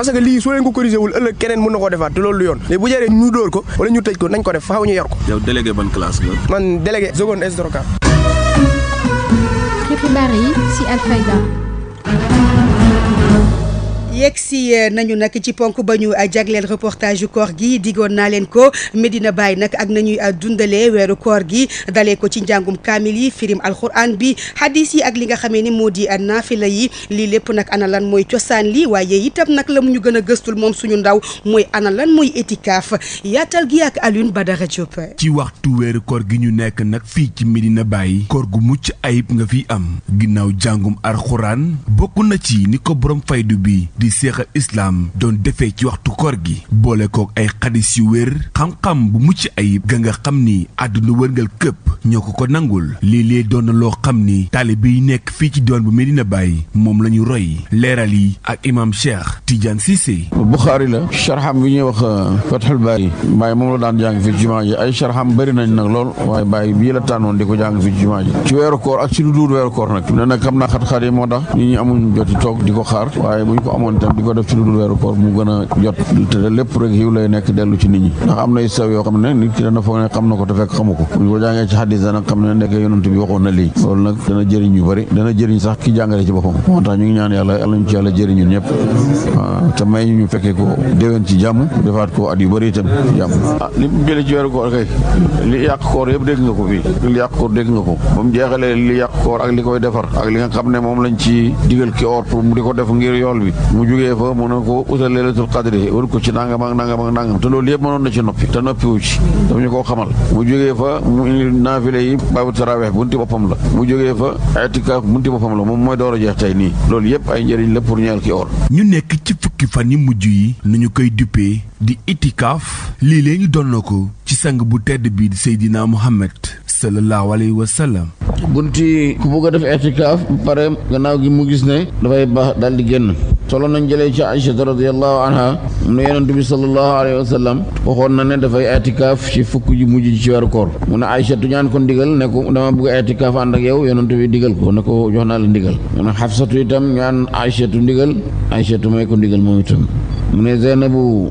mën parce que lii soo leen ko corrigé ëllëg keneen mën na koo defaat te yoon mais bu jëree ñu dóor ko wala ñu tëj ko nañ ko def faaw ñu yor ko. yow délégué ban classe nga. man délégué seconde yi ci Alfayda. yegg si euh, nañu nag ci ponk ba ñu euh, jagleel reportage yu koor gi digoon naa leen ko Medina Baye nag ak nañuy euh, dundale weeru koor gi dalee ko ci njàngum kaamil yi firim alxuraan bi hadis yi ak li nga xamee ni moo di naafila yi lii lépp nag ana lan mooy cosaan waaye itam nag la mu ñu gën a gëstul moom suñu ndaw mooy ana lan mooy itikaaf yaatal gi ak Alioune Badara Diop. ci waxtu weeru koor gi ñu nekk nag fii ci Medina Baye koor gu mucc ayib nga fi am ginnaaw jàngum alxuraan bokk na ci ni ko borom faydu bi di seexa islam doon defee ci waxtu koor gi boole kook ay xadis yu wér xam-xam bu mucc ayib ga nga xam ni àdduna wërngal këpp ñoo ko ko nangul lii lee doon na loo xam ni taalibe yi nekk fii ci doon bu Medina bàyyi moom la ñu roy leeral yi ak imaam Cheikh Tidiane Cissé. Buxaari la sharxam bi ñuy wax euh, Fathul Baari Baye moom la daan jàng fii jumaa ji ay sharxam bëri nañ nag lool waaye Baye bii la tànnoon di ko jàng fii jumaa ji ci weeru koor ak ci lu dul weeru koor nag nee na xam naa xat-xat yi moo tax nit ñi amuñ joti toog di amoon tam di ko def ci lu dul weeru koor mu gën a jot te lépp rek yiw lay nekk dellu ci nit ñi ndax am na saw yoo xam ne nit ki dana foog ne xam na ko te fekk xamu ko bu ñu ko jàngee ci xadis dana xam ne nekk yonent bi waxoon na lii loolu nag dana jëriñ ko déwén ci jàmm defaat ko at yu bëri itam ci jàmm ah, li mu jëlee ci weeru koor kay li yàq koor yëpp defar ak li nga xam ne moom lañ ci digal ki or pour mu ko def ngir yool bi mu jógee fa mu ne ko utal leelatul qadri ko ci nangam ak te loolu yëpp mënoon na ci noppi te noppiwu ci daf ñu koo xamal mu jógee fa mu indi naafile yi baabu taraweex bunti boppam la mu jógee fa itikaaf bunti boppam la moom mooy door a jeex tey nii loolu yëpp ay njëriñ la pour ñeel ki or ñu nekk ci fukki fan yi mujj yi nu ñu koy duppee di itikaaf lii lee ñu ko ci sang bu tedd bi di Seydina sallallahu alayhi wa sallam. bunti ku bugg a def itikaaf ba pare gannaaw gi mu gis ne dafay baax daal di génn solo nañ jëlee ci Aïchata radiyallahu anha mu ne yonent bi sallallahu alayhi wa sallam na ne dafay itikaaf ci fukk ji mujj ci weeru mu ne Aïchatu ñaan ko ndigal ne ko dama bugg a itikaaf ànd ak yow yonent bi digal ko ne ko jox naa la ndigal mu ne Xafsatu itam ñaan Aïchatu ndigal Aïchatu may ko ndigal moom itam mu ne Zeynabu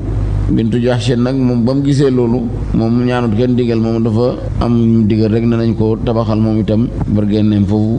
bintu Jahsh nag moom ba mu gisee loolu moom ñaanut kenn digal moom dafa am ñu digal rek ne nañ ko tabaxal moom itam bërgéenneem foofu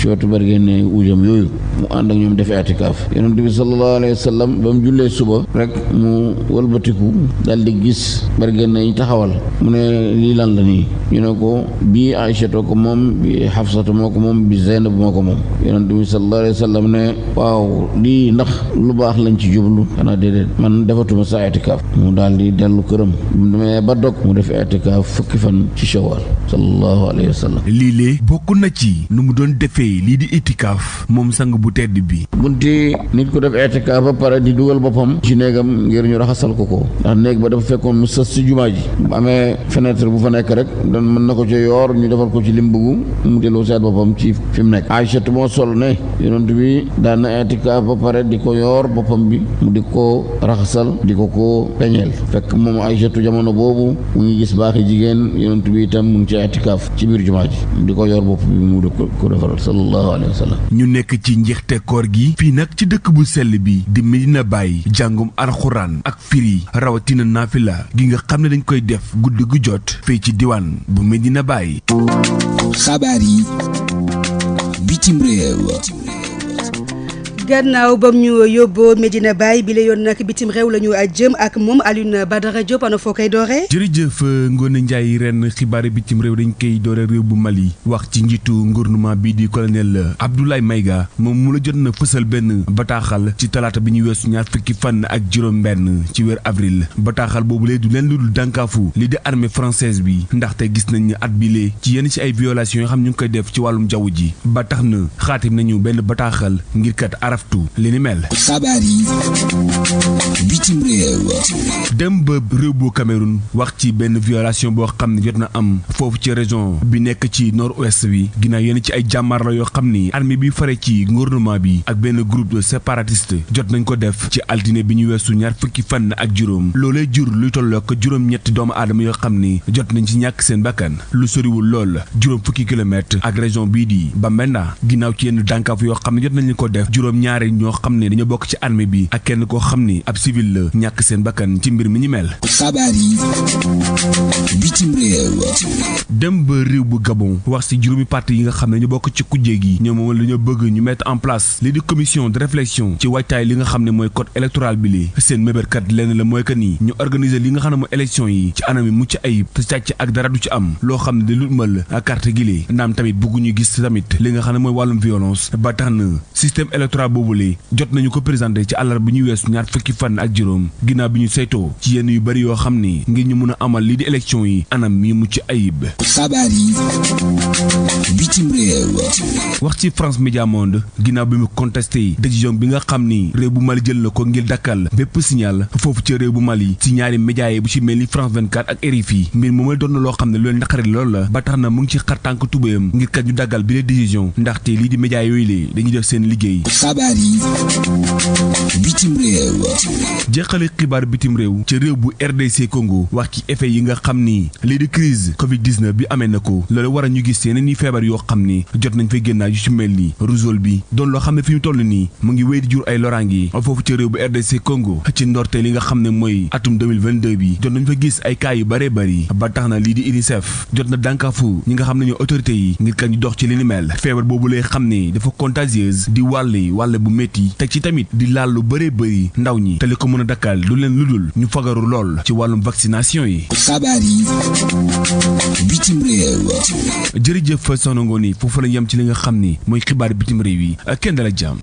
cootu bargenne uujam yooyu mu ànd ak ñoom defee atikaaf yonent bi sallallahu alayhi wa sallam ba mu jullee suba rek mu wëlbatiku daal di gis bargenne yi taxawal mu ne lii lan la nii ñu ne ko bii Aïchatu ko moom bi Xafsatu moo ko moom bi Zeynab moo ko moom yonent bi sallallahu alayhi wa sallam ne waaw lii ndax lu baax lañ ci jublu xanaa déedéet man defatuma sa atikaaf mu daal di dellu këram mu demee ba dog mu def atikaaf fukki fan ci shawal sallallahu alayhi wa sallam lii lée bokk na ci nu mu doon defee lii di itikaaf moom sang bu tedd bi bunti nit ku def itikaaf ba pare di dugal boppam ci néegam ngir ñu raxasal ko ko ndax néeg ba def fekkoon mu sës ci jumaa ji bu amee fenêtre bu fa nekk rek doon mën na ko ci yoor ñu defal ko ci lim bëggu mu delloo seet boppam ci fi mu nekk Aysatu moo sol ne yonent bi daan na itikaaf ba pare di ko yoor boppam bi mu di ko raxasal di ko ko peñeel fekk moom Aysatu jamono boobu mu ca itikaaf ci biir ji di ko yor bopp ko defaral sallallahu alayhi ñu nekk ci njëxte koor gi fii nag ci dëkk bu sell bi di Medina Baye jàngum alxuraan ak firi rawatina naafila gi nga xam ne dañ koy def guddi gu jot fii ci diwaan bu Medina Baye xabaar yi bitim gannaaw bam ñu yóbboo Medina Baye bi la yoon nag bitim réew la ñu jëm ak moom Alioune Badara Diop ana foo koy dooree. jërëjëf Ngone Ndiaye ren xibaar bitim réew dañ koy doore réew bu Mali wax ci njiitu gouvernement bi di la Abdoulaye Maïga moom mu la jot na fësal benn bataaxal ci talaata bi ñu weesu ñaar fukki fan ak juróom-benn ci weer avril bataaxal boobu lee du leen lu dul dànkaafu li di armée française bi ndaxte gis nañ at bi lee yenn ci ay violations yoo xam ñu ngi koy def ci wàllum jaww ji ba tax na xaatim nañu benn bataaxal ngir kat ñaxtu li ni mel. xabaar yi dem ba réew bu Cameroun wax ci benn violation boo xam ne jot na am foofu ci région bi nekk ci nord ouest bi ginnaaw yenn ci ay jàmmaar la yoo xam ni armée bi fare ci gouvernement bi ak benn groupe de jot nañ ko def ci altine bi ñu weesu ñaar fukki fan ak juróom loolee jur luy tollook juróom-ñetti doomu aadama yoo xam ni jot nañ ci ñàkk seen bakkan lu soriwul lool juróom fukki kilomètre ak région bii di Bamenda ginnaaw ci yenn dànkaaf yoo xam ne jot nañ ko def juróom ñaari xam ne dañoo bokk ci armée bi kenn koo xam ni ab civil la ñàkk seen bakkan ci mbir mi ñu mel. xabaar yi bitim dem ba réew bu Gabon wax si juróomi parti yi nga xam ne ñu bokk ci kujje gi ñoom moom la ñu bëgg ñu mettre en place li di commission de réflexion ci waajtaay li nga xam ne mooy code électoral bi li seen mébérkat lenn la mooy que ni ñu organiser li nga xam ne mooy élection yi ci anam yi mucc ayib te càcc ak dara du ci am loo xam ne da lutmal ak carte gi li ndam tamit bëgguñu gis tamit li nga xam ne mooy wàllum violence ba tax na système électoral boobule jot nañu ko présenté ci àllarba bu ñu ñaar fukki fan ak juróom ginnaaw bi ñu saytoo ci yenn yu bari yoo xam ni ngir ñu mën a amal lii di élection yi anam yi mucc ayib. xabaar yi bitim réew. wax ci France Média Monde ginnaaw bi mu contesté décision bi nga xam ni réew bu Mali jël na ko ngir dakkal bépp signal foofu ci réew bu Mali ci ñaari média yi bu ci mel ni France 24 ak RFI mbir moom doon na loo xam ne lu leen naqari lool la ba tax na mu ngi ci xar tànk tubéyam ngir kat ñu daggal bi la ndax ndaxte lii di média yooyu la dañuy def seen liggéey. xibaar yi bitim réew jeexale xibaar bitim réew ca réew bu RDC Congo wax ci effet yi nga xam ni lii di crise Covid 19 bi amee na ko loolu war a ñu gis yeneen i feebar yoo xam ni jot nañ fay génnaay yu ci mel ni rougeole bi doon loo xam ne fi ñu toll nii mu ngi wéy di jur ay loraangi foofu ca réew bu RDC Congo ci ndorte li nga xam ne mooy atum 2022 bi jot nañ fa gis ay cas yu bëree bëri ba tax na lii di UNICEF jot na dànkaafu ñi nga xam ne ñoo autorité yi ngir kañ dox ci boobu la bu métti teg ci tamit di laal lu bëree bëri ndaw ñi te li ko mën a dakkal du leen ludul ñu fagaru lool ci wàllum vaccination yi. xabaar yi bitim réew. jërëjëf Soxna yi foofu la yem ci li nga xam ni mooy xibaar bitim réew yi kenn dala jàmm.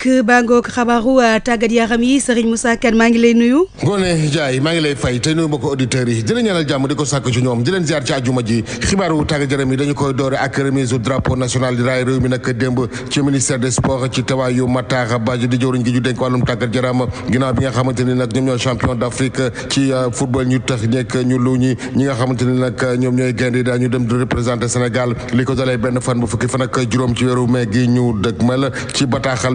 Seck bangoog xabaaru euh, tàggat yaram yi Serigne Moussa Kane maa ngi lay nuyu. Ngone Ndiaye maa ngi lay fay te nuyu mbokki auditeurs yi di leen ñaanal jàmm di ko sàkk ci ñoom di ziar ci àjjuma ji xibaaru tàggat yaram yi dañu koy doore ak remise drapeau national di raay réew mi nag démb ci ministère des sports ci tawaayu Matar Badji di gi ñu dénk wàllum tàggat yaram ginnaaw bi nga xamante ni nag ñoom ñooy champion d' Afrique ci euh, football ñu tax nekk ñu lu ñi ñi euh, dem di représenter Sénégal li ko dalee benn fan bu fukki fan ak juróom ci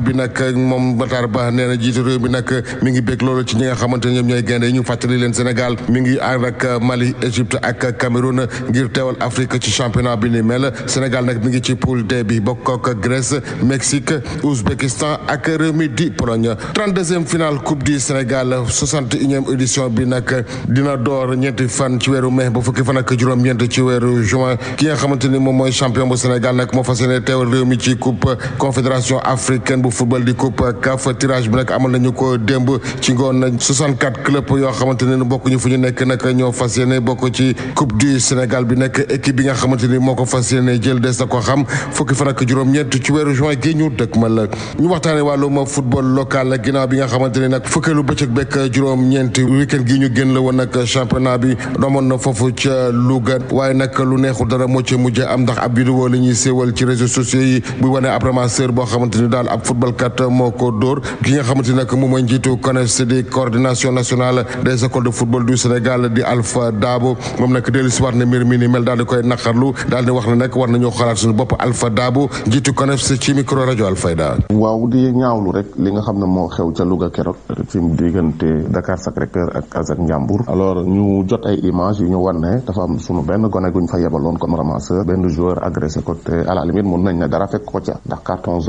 bi nag nag moom Matar Ba nee na jiitu réew mi nag mi ngi bég loolu ci ñi nga xamante ne ñoom ñooy gaynde yi ñu fàttali leen Sénégal mi ngi ànd ak Mali Égypte ak Cameroun ngir teewal Afrique ci championnat bi ni mel Sénégal nag mi ngi ci poule D bi bokk ak Grèce Mexique Ouzbékistan ak réew mi di Pologne. 32e finale coupe du Sénégal 61e édition bi nag dina door ñeenti fan ci weeru mai ba fukki fan ak juróom-ñeent ci weeru juin ki nga xamante ni moom mooy champion bu Sénégal nag moo fas yéene di coupe CAF tirage bi nag amal nañu ko démb ci ngoon na 64 club yoo xamante ne bokk ñu fu ñu nekk nag ñoo fas yéene bokk ci coupe du Sénégal bi nekk équipe bi nga xamante ni moo ko fas yéene jël des na ko xam fukki fan ak juróom-ñett ci weeru juin gi ñu dëkk ma la ñu waxtaane wàllum bi nga xamante ne nag fukkeelu bëccëg bekk juróom-ñeent week-end gi ñu génn la woon nag championnat bi domoon na foofu ca Louga waaye nag lu neexul dara moo ci mujj am ndax ab vidéo la ñuy séewal ci réseaux sociaux yi buy wane après ma boo xamante ni daal at moo ko dóor ki nga xamante ni nag moom mooy njiitu CONES di coordination nationale des écoles de football du Sénégal di Alpha Dabo moom nag dellu si waat na mbir mi ni mel daal di koy naqarlu daal di wax ne nag war nañoo xalaat suñu bopp Alpha Dabo njiitu CONES ci micro rajo Alfayda. waaw di ñaawlu rek li nga xam ne moo xew ca luga keroog ci diggante Dakar Sacré-Cœur ak Azak Ndiambour alors ñu jot ay images yu ñu wan ne dafa am sunu benn gone guñ fa yebaloon comme ramasseur benn joueur agressé ko te fekk ko ca ndax carton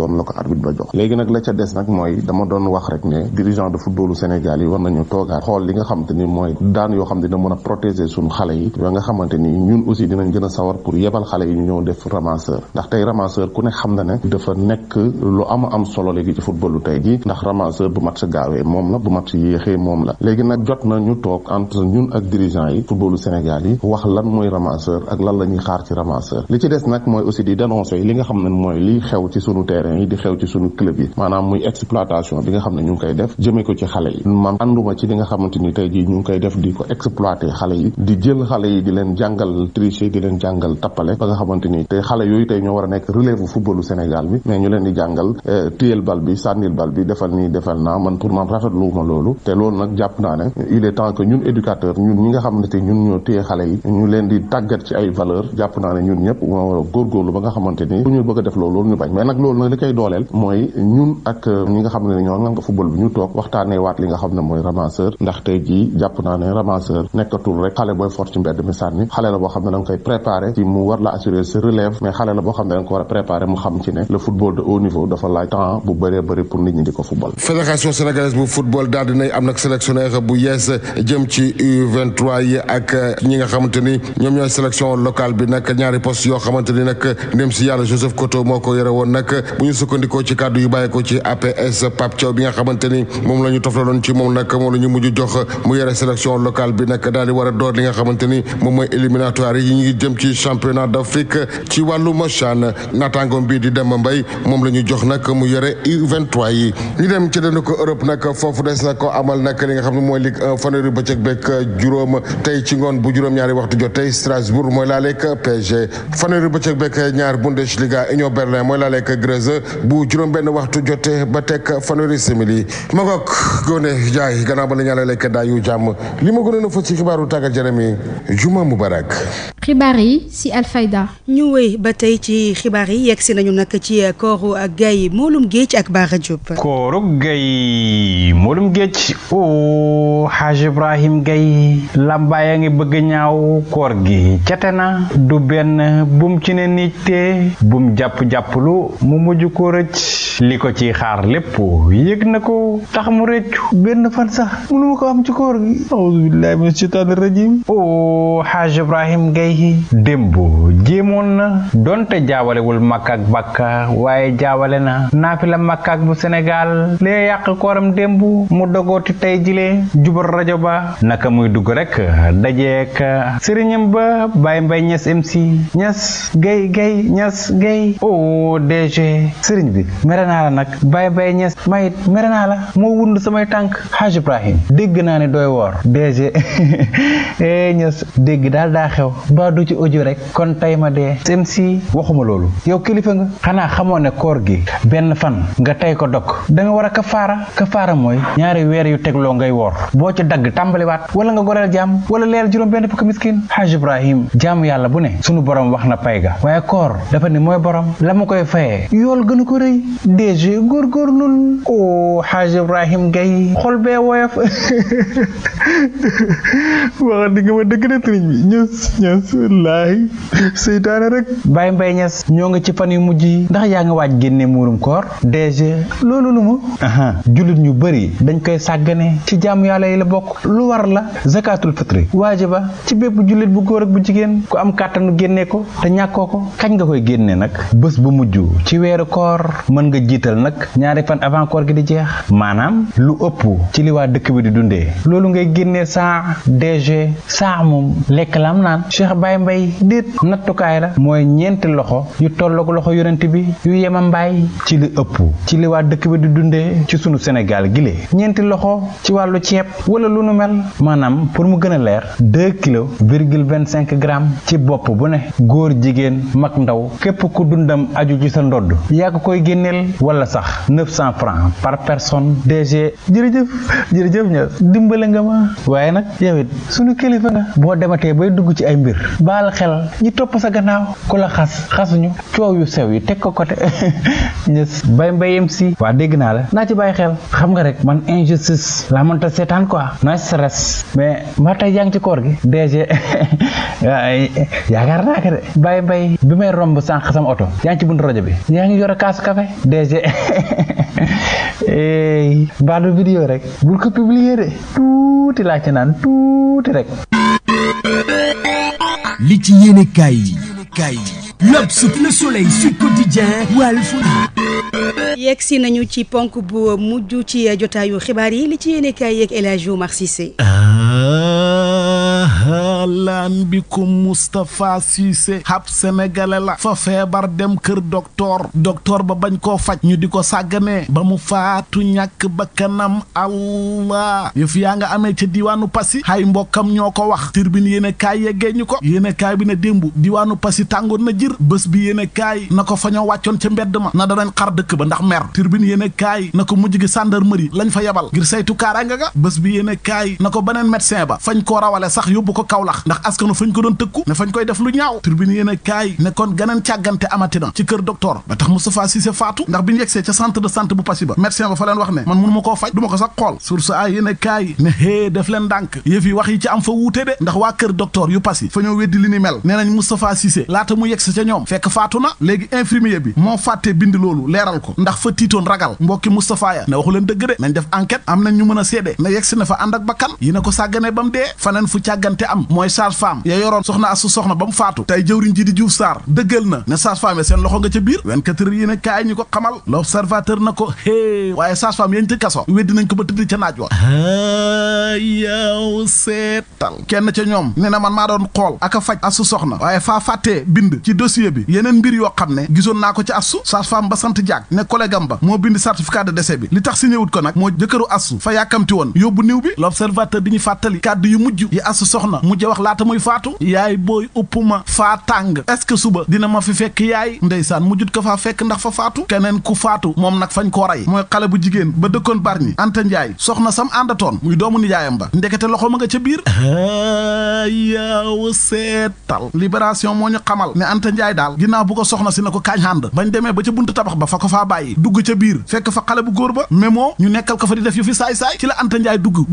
la ca des nag mooy dama doon wax rek ne dirigeant de footballu Sénégal yi war nañu toogaat xool li nga xamante ni mooy daan yoo xam ne dina mën a protéger suñu xale yi ba nga xamante ni ñun aussi dinañ gën a sawar pour yebal xale yi ñu ñëw def ramasseur ndax tey ramasseur ku ne xam na ne dafa nekk lu ama am solo léegi ci footballu tey ji ndax ramasseur bu match gaawee moom la bu match yéexee moom la léegi nag jot na ñu toog entre ñun ak dirigeant yi footballu Sénégal yi wax lan mooy ramasseur ak lan la ñuy xaar ci ramasseur li ci des nag mooy aussi di dénoncer li nga xam ne mooy liy xew ci sunu terrain yi di xew ci sunu club yi maanaam muy exploitation bi nga xam ne ñu ngi koy def jëmee ko ci xale yi man ànduma ci li nga xamante tey jii ñu ngi koy def di ko exploiter xale yi di jël xale yi di leen jàngal tricher leen jàngal tappale ba nga xamante ni te xale yooyu tey ñoo war a nekk bu footballu Sénégal bi mais ñu leen di jàngal euh, téyel bal bi sànnil bal bi defal nii defal naa man pour man rafet rafetluuma loolu te loolu nag jàpp naa ne il e temps que ñun éducateur ñun ñi nga xamante ñun ñoo téye xale yi ñu leen di tàggat ci ay valeur jàpp naa ne ñun ñëpp moo war a góorgóorlu ba nga xamante ni bu ñu bëgg def loolu loolu loolu nag koy dooleel mooy ak euh, ñi nga xam ne ñoo nanga football bi ñu nga xam ne mooy ramasseur ndax tey jii jàpp naa ne ramasseur nekkatul rek xale booy fort ci mbedd mi sànni xale la boo xam ne da ko a préparé mu xam ci ne football de haut niveau dafa laaj temps bu bëree bëri pour nit ñi di football. fédération sénégalaise bu football daal dinay am nag sélectionneur bu yees jëm ci U23 yi ak euh, ñi nga xamante ñoom ñooy sélection locale bi nag ñaari poste yoo xamante ni nag ndem si yàlla ci APS Pape Thiaw bi nga xamante ni moom la ñu toflaloon ci moom nag moom la ñu mujj jox mu yore sélection locale bi nag daal di war a door li nga xamante ni moom mooy éliminatoire yi ñu ngi jëm ci championnat d'Afrique ci wàllum CHAN naataangoom bii di dem mbay moom la ñu jox nag mu yore U23 yi ñu dem ci danu Europe nag foofu des na ko amal nag li nga xam ne mooy li 1 fanweeri bëccëg beeg juróom tey ci ngoon bu juróom-ñaari waxtu jotee Strasbourg mooy laaleeg PSG fanweeri bëccëg beeg ñaar Bundesliga Union Berlin mooy laaleeg Grèce bu juróom-benn waxtu jotee te ba teg fanweeri simili ma ngoog Gone Njaay gannaaw ba la ñaanal lekk daa yu jàmm li ma gënoon a fës ci xibaaru tàggat yaram yi juma mubarak xibaar yi si Alfayda. ñu wéy ba tey ci xibaar yi yegg si nañu nakk ci kooru Gaye Moloum Géej ak Bara Diop. kooru Gaye Moloum Géej o Haaj Ibrahim Gaye làmbaay a ngi bëgg ñaaw koor gi cete na du benn bum ci ne nit te bum jàpp jàppalu mu mujj ko rëcc li ko ci xaar lépp yëg na ko tax mu rëccu benn fan sax mënu ma ko am ci koor gi. awuzu billaahi mina shaytaani rajiim o Haaj Ibrahim Gaye démb jéemoon na donte jaawalewul makka ak waaye jaawale na naafila makka ak bu Sénégal lee yàq kooram démb mu dogooti tey jile jubal rajo ba naka muy dugg rek dajeek sëriñam ba Baye Mbaye Niass MC Niass Guèye Guèye Niass Guèye o DG sëriñ bi mere naa la nag Baye Mbaye Niass mayit mere naa la moo wund samay tànk Haj Ibrahim dégg naa ne dooy woor DG eh Niass dégg daal daa xew mbaa du ci audio rek kon tay ma dee sem si waxuma loolu yow kilifa nga xanaa xamoo ne koor gi benn fan nga tey ko dog danga war a kafaara kafaara mooy ñaari weer yu tegloo ngay woor boo ci dagg tàmbaliwaat wala nga goreel jaam wala leer juróom benn fukki miskin haj ibrahim jaamu yàlla bu ne sunu borom wax na pay ga waaye koor dafa ni mooy borom la ma koy fayee yool gënu ko rëy góor góorgóorlul o oh, haj ibrahim gay xol bee woyof waxa di ma dëgg wallaahi seytaane rek Baye Mbaye Niass ñoo nga ci fan yu mujj yi ndax yaa nga waaj génne muurum koor DG loolu lu mu aha jullit ñu bëri dañ koy sàggane ci jaamu yàlla yi la bokk lu war la zakatul fitri waajiba ci bépp jullit bu góor ak bu jigéen ku am kàttanu génne ko te ñàkkoo ko kañ nga koy génne nag bës bu mujj ci weeru koor mën nga jiital nag ñaari fan avant koor gi di jeex maanaam lu ëpp ci li waa dëkk bi di dundee loolu ngay génnee saa DG mbaay mbay déet nattukaay la mooy ñeenti loxo yu tolloog loxo yonent bi yu yema mbaay ci li ëpp ci li waa dëkk bi di dundee ci sunu Sénégal gile ñeenti loxo ci wàllu ceeb wala lu nu mel maanaam pour mu gën a leer deux kilos virgule vingt cinq grammes ci bopp bu ne góor jigéen mag ndaw képp ku dundam aju ci sa ndodd yaa ko koy génneel wala sax neuf cent francs par personne DG jërëjëf jërëjëf ña dimbale nga ma waaye nag yow it sunu kilifa nga boo dematee bay dugg ci ay mbir baal xel ñi topp sa gannaaw ku la xas xasuñu coow yu sew yi teg ko côté ñës bay mbayem si waa dégg naa la naa ci bàyyi xel xam nga rek man injustice laa mënta seetaan quoi no stress mais ma tey yaa ngi ci koor gi DG yaakaar mbay bi may romb sànq sama oto yaa ngi ci buntu rajo bi yaa ngi yore kaasu café DG mbaadu vidéo rek bul ko publier tuuti laa ci naan tuuti rek li ci yéene kaay yi kaay yi L'Obs, Le Soleil, Sud Quotidien, Walf yegsi nañu ci ponk bu mujj ci jotaayu xibaar yi li ci yéene kaay yeeg El Hadji ahlan bikum Moustapha Cissé hab sénégalais la fa feebar dem kër docteur docteur ba bañ koo faj ñu di ko sàgganee ba mu faatu ñàkk bakkanam allah yëf yaa nga amee ca diiwaanu Passy hay mbokkam ñoo ko wax turbine yéen a kaay yeggee ñu ko yéen a kaay bi ne démbu diiwaanu Passy tàngoon na jir bés bi yéen a kaay na ko fa ñoo wàccoon ca mbedd ma na danañ xar dëkk ba ndax mer turbine yéen a kaay na ko mujj gi gendarmerie lañ fa yabal ngir saytu kaaraanga ga bés bi yéen a kaay na ko beneen ba ko Kaolack ndax askanu fañ ko doon tëkku ne fañ koy def lu ñaaw tribune yéen a kaay ne kon ganeen càggante amati na ci kër docteur ba tax Moustapha Cissé faatu ndax bi ñu yegsee ca sant de santé bu Passy ba médecin ba fa leen wax ne man mënu koo faj du ko sax xool source a ne hée def leen ndànk yëf wax yi ci am fa wuute de ndax waa kër docteur yu Passy fa ñoo weddi li ni mel nee nañ Moustapha Cissé laata mu yegsi ca ñoom fekk faatu na léegi infirmier leeral ko ndax fa tiitoon ragal mbokki Moustapha ya ne waxu leen dëgg de nañ def am nañ ñu mën a seede ne yegsi na fa ànd ak bakkan mooy sage-femme ya yoroon soxna asu soxna ba mu faatu tey jëwriñ ji di Diouf Sarr dëggal na ne sage-femme ya seen loxo nga ca biir 24 heures yéen a kaay ñu ko xamal l'observateur na ko hee waaye sage-femme yañ ca kaso weddi ko ba tëdd ca naaj wa yow seetal kenn ca ñoom ne na man maa doon xool ak a faj asu soxna waaye faa fàttee bind ci dossier bi yeneen mbir yoo xam ne gisoon naa ko ci asu sage-femme ba sant jaag ne collègue am ba moo bind certificat de décès li tax si ko nag moo jëkkëru asu fa yàkkamti ca wax laata muy faatu yaay booy upp ma faa tàng est ce que suba dina ma fi fekk yaay ndeysaan mu jut ko faa fekk ndax fa faatu keneen ku faatu moom nag fañ ko rey mooy xale bu jigéen ba dëkkoon barñi anta njaay soxna sam àndatoon muy doomu nijaayam ba ndekete loxo ma nga ca biir yaaw seetal libération moo ñu xamal ne anta njaay daal ginnaaw bu ko soxna si ne ko kaañ hànd bañ demee ba ca buntu tabax ba fa ko faa bàyyi dugg ca biir fekk fa xale bu góor ba mémoo ñu nekkal ko fa di def yu fi saay-saay ci la anta njaay dugg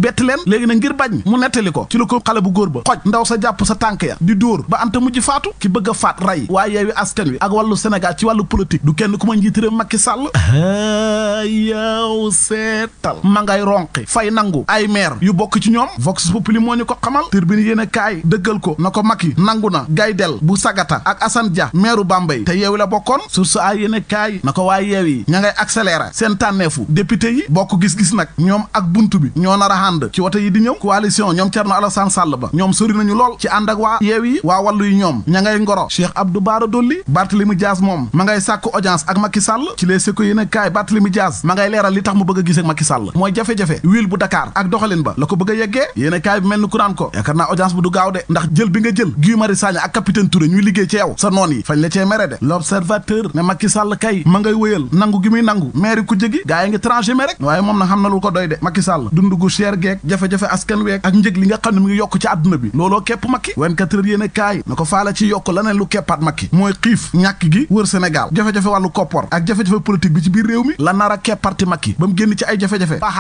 na ngir bañ mu nettali ko ci bu góor ndaw sa jàpp sa tànk ya di dóor ba anta mujj faatu ki bëgg a faat rey waaye yeewi askan wi ak wàllu Sénégal ci wàllu politique du kenn ku ma njiit réew Macky Sall ah, yow seetal ma ngay ronqi fay nangu ay maire yu bokk ci ñoom vox populi moo ñu ko xamal turbine yéen a kaay dëggal ko na ko Macky nangu na Gaydel bu Sagata ak Assane Dia maireu Bambey te yeewi la bokkoon source ay yéen a kaay na ko waaye yeew yi ña ngay accéléré seen tànneefu député yi bokk gis-gis nag ñoom ak buntu bi ñoo nar a ànd ci wote yi di ñëw coalition ñoom Thierno Alassane Sall ba bëri nañu lool ci ànd ak waa yeew yi waa wàllu yi ñoom ña ngay ngoro Cheikh Abdou Bara Dolli Barthélemy Dias moom ma ngay sàkk audience ak Macky sàll ci les secours yi ne kaay Barthélemy Dias ma ngay leeral li tax mu bëgg a gis ak Macky Sall mooy jafe-jafe ville bu Dakar ak doxalin ba la ko bëgg a yeggee yéen a kaay bi mel ni kuraan ko yaakaar naa audience bu du gaaw de ndax jël bi nga jël Guy Marius Sagna ak capitaine Touré ñuy liggéey ci yow sa noon yi fañ la cee mere de l'observateur ne Macky Sall kay ma ngay wëyal nangu gi muy nangu maire ku jëgi gaa yi ngi transhumé rek waaye moom na xam na ko doy de Macky Sall dund gu cher geek jafe-jafe askan ak njëg li xam ne mi yokk ci àdduna bi looloo kepp makki 24 heures yéen kaay na ko faala ci yokk laneen lu keppaat makki mooy xiif ñàkk gi wër Sénégal jafe-jafe wàllu koppor ak jafe-jafe politique bi ci biir réew a kepparti makki ba mu génn ci ay jafe-jafe ba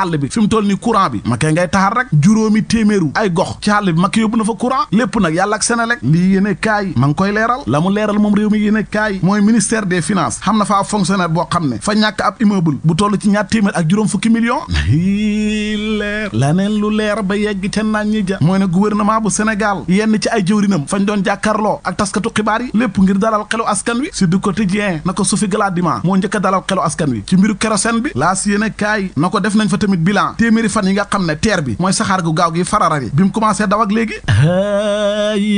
lii yéen kaay ma koy leeral la leeral moom réew mi yéen kaay mooy ministère des finances xam na fa ab fonctionnaire boo xam ne fa ñàkk ab immeuble bu toll ci ñaar téeméer ak juróom fukki million laneen lu leer ba yegg ca naan ñi ja mooy ne gouvernement bu Sénégal Sénégal yenn ci ay jëwrinam fañ doon jàkkaarloo ak taskatu xibaar yi lépp ngir dalal xelu askan wi Sud Quotidien na ko Sophie Gladima moo njëkk a dalal xelu askan wi ci mbiru kérosène bi laas yéene na ko def nañ fa tamit bilan téeméeri fan yi nga xam ne teer bi mooy saxaar gu gaaw gi farara bi bi mu commencé daw léegi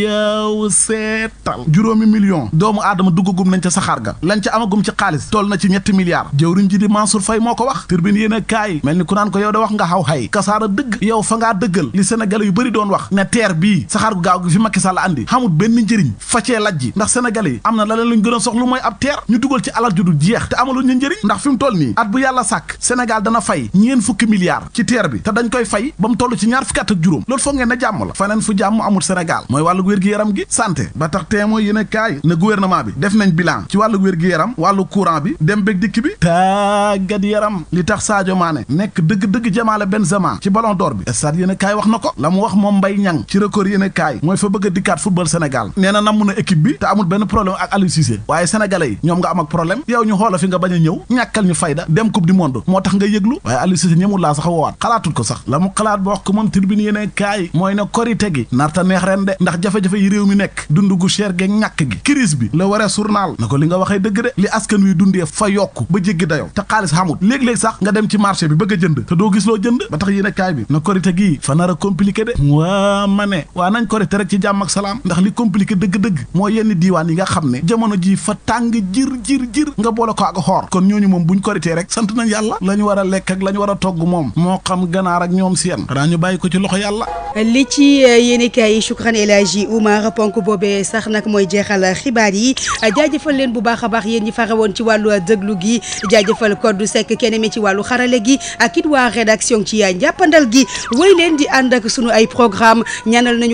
yow seetal juróomi million doomu aadama duggagum nañ ca saxaar ga lañ ca amagum ci xaalis toll na ci ñetti milliards jëwriñ ji di Mansour Faye moo ko wax turbine yéen a kaay mel ni ku naan ko yow da wax nga xaw xay kasaara dëgg yow fa ngaa dëggal li Sénégalais yu bëri doon wax ne teer bii gii saxaar gu gaaw gi fi Macky Sall andi xamul benn njëriñ facee laj ji ndax sénégalais yi am na la leen luñ gën a soxlu mooy ab teer ñu dugal ci alal ju dul jeex te amaluñ ñu njëriñ ndax fi mu toll nii at bu yàlla sàkk Sénégal dana fay ñeen fukki milliards ci teer bi te dañ koy fay ba mu toll ci ñaar fukki at ak juróom loolu foog ngeen ne jàmm la faneen fu jàmm amul Sénégal mooy wàllu wér-gi-yaram gi santé ba tax téemoin yéen a kaay na gouvernement bi def nañ bilan ci wàllu wér-gi-yaram wàllu courant bi dem bég dikk bi tàggat yaram li tax Sadio Mané nekk dëgg-dëgg jamaale Benzema ci ballon d'or bi stade yéen kaay wax na ko la mu wax moom mbay ñang ci record yéene kaay mooy fa bëgg a dikkaat football Sénégal nee na namm na équipe bi te amul benn problème ak Aliou Cissé waaye sénégalais a ñëw ñàkkal ñu fayda ne korite gi narta neex ren de ndax jafe-jafe yi réew mi nekk dund gu cher ge ñàkk gi crise bi la waree journal na ko li nga waxee dëgg de li askan wi dundee fa yokk ba jéggi dayo te xaalis xamut léeg-léeg sax nga dem ci marché bi bëgg a jënd te doo gis loo jënd ba tax yéene kaay bi na korite gi fa nar a compliqué de waa ma ne waaw nañ ko rete rek ci jàmm ak salaam ndax li compliqué dëgg-dëgg moo yenn diiwaan yi nga xam ne jamono ji fa tàng jir jir jir nga boole ko ak xoor kon ñooñu moom buñ ko rek sant nañ yàlla la ñu a lekk ak la ñu a togg moom moo xam ganaar ak ñoom seen xanaa ñu bàyyi ko ci loxo yàlla li ci eh, yéenekaay yi Shukran El Hadji Oumar ponk boobee sax nag mooy jeexal xibaar yi jaajëfal leen bu baax a baax yéen ñi farawoon ci wàllu déglu gi jaajëfal Codou Seck kenn mi ci wàllu xarale gi ak it waa rédaction ci njàppandal gi wéy leen di ànd ak sunu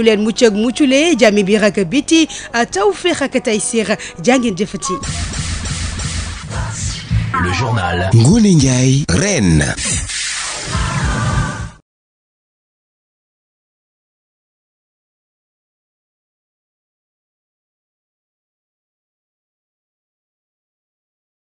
ñu leen mucc ak mucculee jàmmi biir ak biti tawféex ak taysiir jàngeen jëfati Le journal Ngoné Ndiaye Reine